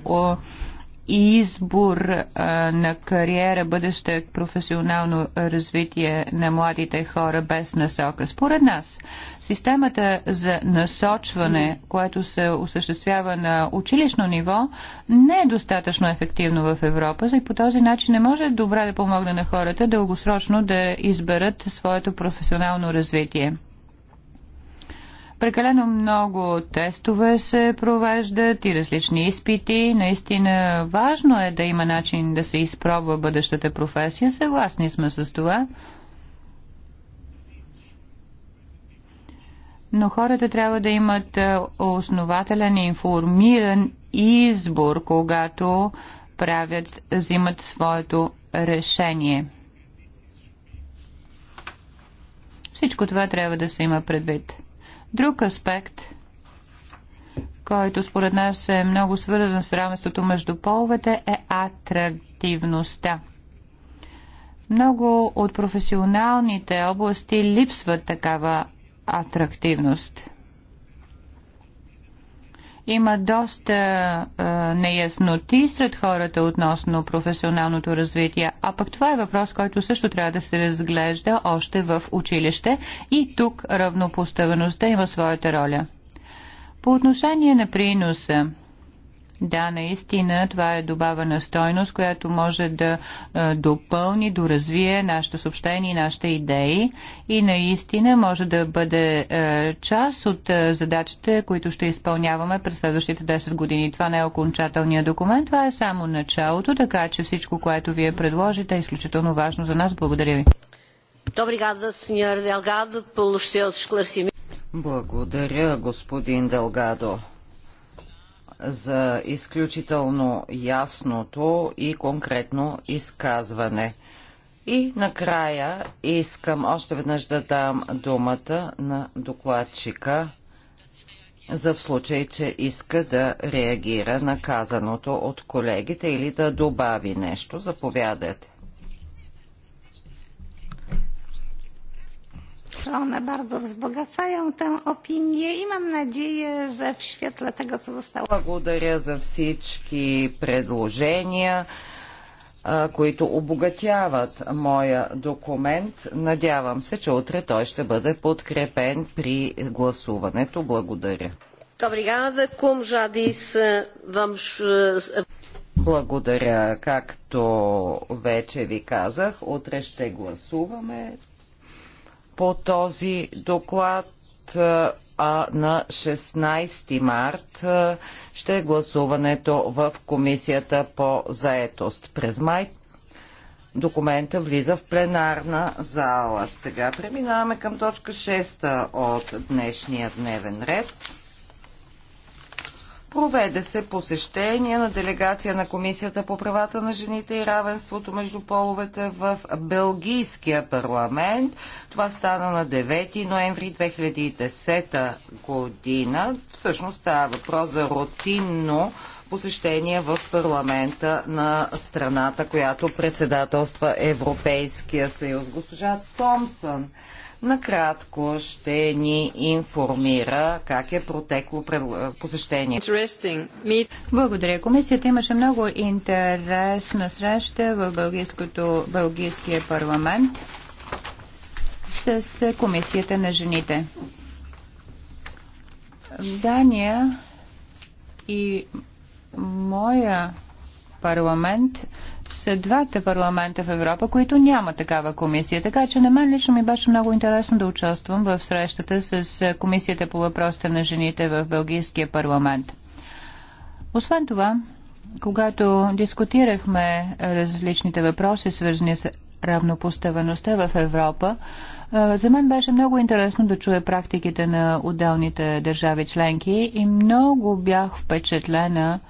избор а, на кариера, бъдеще професионално развитие на младите хора без насока. Според нас, системата за насочване, което се осъществява на училищно ниво, не е достатъчно ефективно в Европа, за и по този начин не може добре да помогне на хората дългосрочно да изберат своето професионално развитие. Прекалено много тестове се провеждат и различни изпити. Наистина важно е да има начин да се изпробва бъдещата професия. Съгласни сме с това. но хората трябва да имат е, основателен и информиран избор, когато правят, взимат своето решение. Всичко това трябва да се има предвид. Друг аспект, който според нас е много свързан с равенството между половете, е атрактивността. Много от професионалните области липсват такава атрактивност. Има доста а, неясноти сред хората относно професионалното развитие, а пък това е въпрос, който също трябва да се разглежда още в училище и тук равнопоставеността има своята роля. По отношение на приноса, да, наистина това е добавена стойност, която може да е, допълни, доразвие нашето съобщение и нашите идеи и наистина може да бъде е, част от е, задачите, които ще изпълняваме през следващите 10 години. Това не е окончателният документ, това е само началото, така че всичко, което вие предложите е изключително важно за нас. Благодаря ви. Благодаря, господин Делгадо за изключително ясното и конкретно изказване. И накрая искам още веднъж да дам думата на докладчика за в случай, че иска да реагира на казаното от колегите или да добави нещо. Заповядайте. że one bardzo wzbogacają tę opinię i mam nadzieję, że w świetle tego, co zostało... Благодаря за всички предложения, които обогатяват моя документ. Надявам се, че утре той ще бъде подкрепен при гласуването. Благодаря. Благодаря. Както вече ви казах, утре ще гласуваме по този доклад, а на 16 март ще е гласуването в Комисията по заетост. През май документа влиза в пленарна зала. Сега преминаваме към точка 6 от днешния дневен ред. Проведе се посещение на делегация на Комисията по правата на жените и равенството между половете в Белгийския парламент. Това стана на 9 ноември 2010 година. Всъщност става въпрос за рутинно посещение в парламента на страната, която председателства Европейския съюз. Госпожа Томсън накратко ще ни информира как е протекло посещение. Благодаря. Комисията имаше много интересна среща в Бългийското, Бългийския парламент с Комисията на жените. Дания и моя парламент са двата парламента в Европа, които няма такава комисия. Така че на мен лично ми беше много интересно да участвам в срещата с Комисията по въпросите на жените в Белгийския парламент. Освен това, когато дискутирахме различните въпроси, свързани с равнопоставеността в Европа, за мен беше много интересно да чуя практиките на отделните държави членки и много бях впечатлена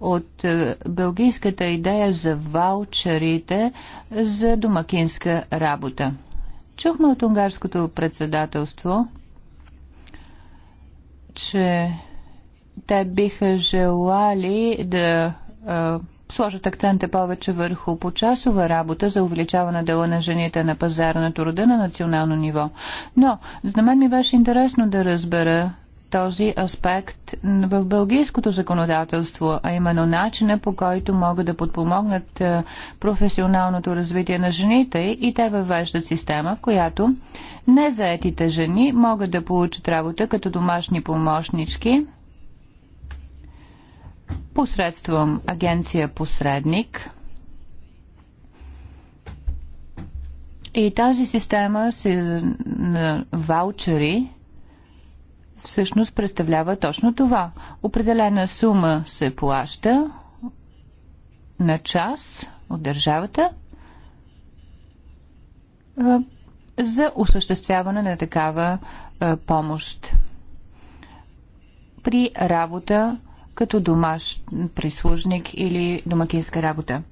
от е, бългийската идея за ваучерите за домакинска работа. Чухме от унгарското председателство, че те биха желали да а, е, сложат акцента повече върху почасова работа за увеличаване дела на жените на пазара на труда на национално ниво. Но, за мен ми беше интересно да разбера този аспект в бългийското законодателство, а именно начина по който могат да подпомогнат е, професионалното развитие на жените и те въвеждат система, в която незаетите жени могат да получат работа като домашни помощнички посредством агенция посредник. И тази система си е, на ваучери – всъщност представлява точно това. Определена сума се плаща на час от държавата за осъществяване на такава помощ при работа като домашен прислужник или домакинска работа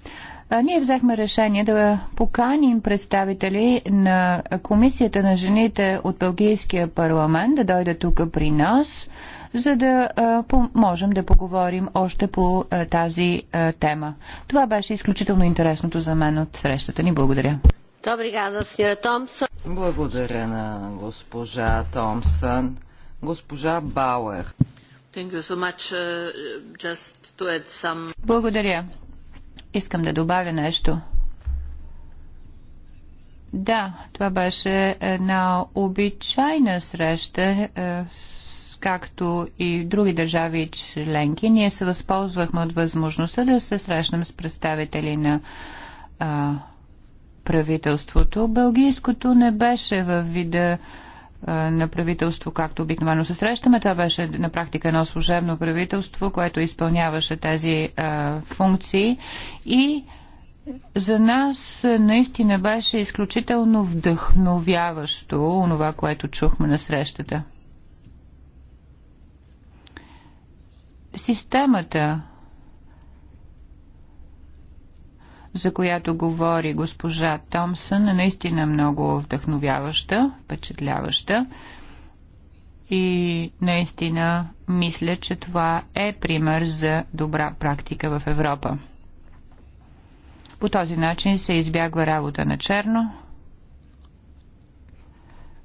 ние взехме решение да поканим представители на Комисията на жените от Белгийския парламент да дойдат тук при нас, за да можем да поговорим още по тази тема. Това беше изключително интересното за мен от срещата ни. Благодаря. Благодаря на госпожа Томсън. Госпожа Бауер. Uh, Благодаря. Искам да добавя нещо. Да, това беше една обичайна среща, е, както и други държави членки. Ние се възползвахме от възможността да се срещнем с представители на правителството. Белгийското не беше във вида на правителство, както обикновено се срещаме. Това беше на практика едно служебно правителство, което изпълняваше тези а, функции и за нас наистина беше изключително вдъхновяващо онова, което чухме на срещата. Системата, за която говори госпожа Томсън, е наистина много вдъхновяваща, впечатляваща. И наистина мисля, че това е пример за добра практика в Европа. По този начин се избягва работа на черно,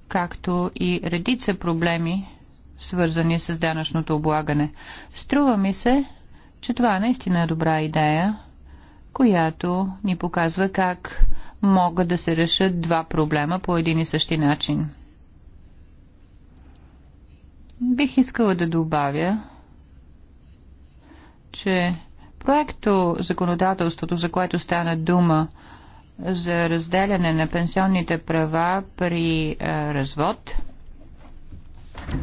както и редица проблеми, свързани с данъчното облагане. Струва ми се, че това наистина е добра идея която ни показва как могат да се решат два проблема по един и същи начин. Бих искала да добавя, че проекто законодателството, за което стана дума, за разделяне на пенсионните права при развод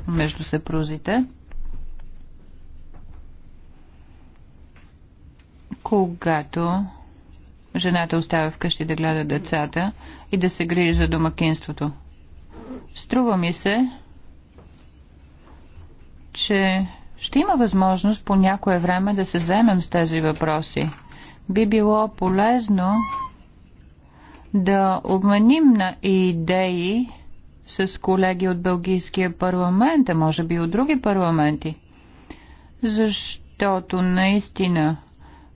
между съпрузите, когато жената остава вкъщи да гледа децата и да се грижи за домакинството. Струва ми се, че ще има възможност по някое време да се вземем с тези въпроси. Би било полезно да обменим на идеи с колеги от Бългийския парламент, а може би от други парламенти. Защото наистина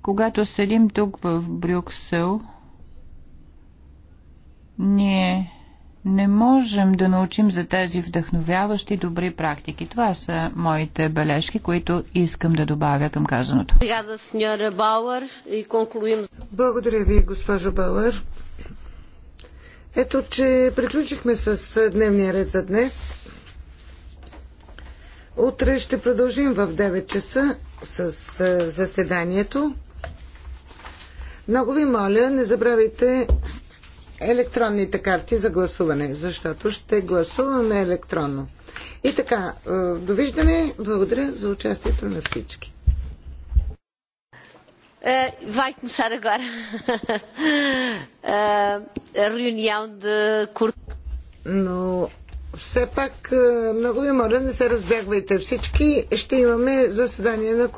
когато седим тук в Брюксел, ние не можем да научим за тези вдъхновяващи добри практики. Това са моите бележки, които искам да добавя към казаното. E Благодаря ви, госпожо Бауър. Ето, че приключихме с дневния ред за днес. Утре ще продължим в 9 часа с заседанието. Много ви моля, не забравяйте електронните карти за гласуване, защото ще гласуваме електронно. И така, е, довиждане. Благодаря за участието на всички. Vai começar agora a reunião de Но все пак е, много ви моля, не се разбягвайте всички. Ще имаме заседание на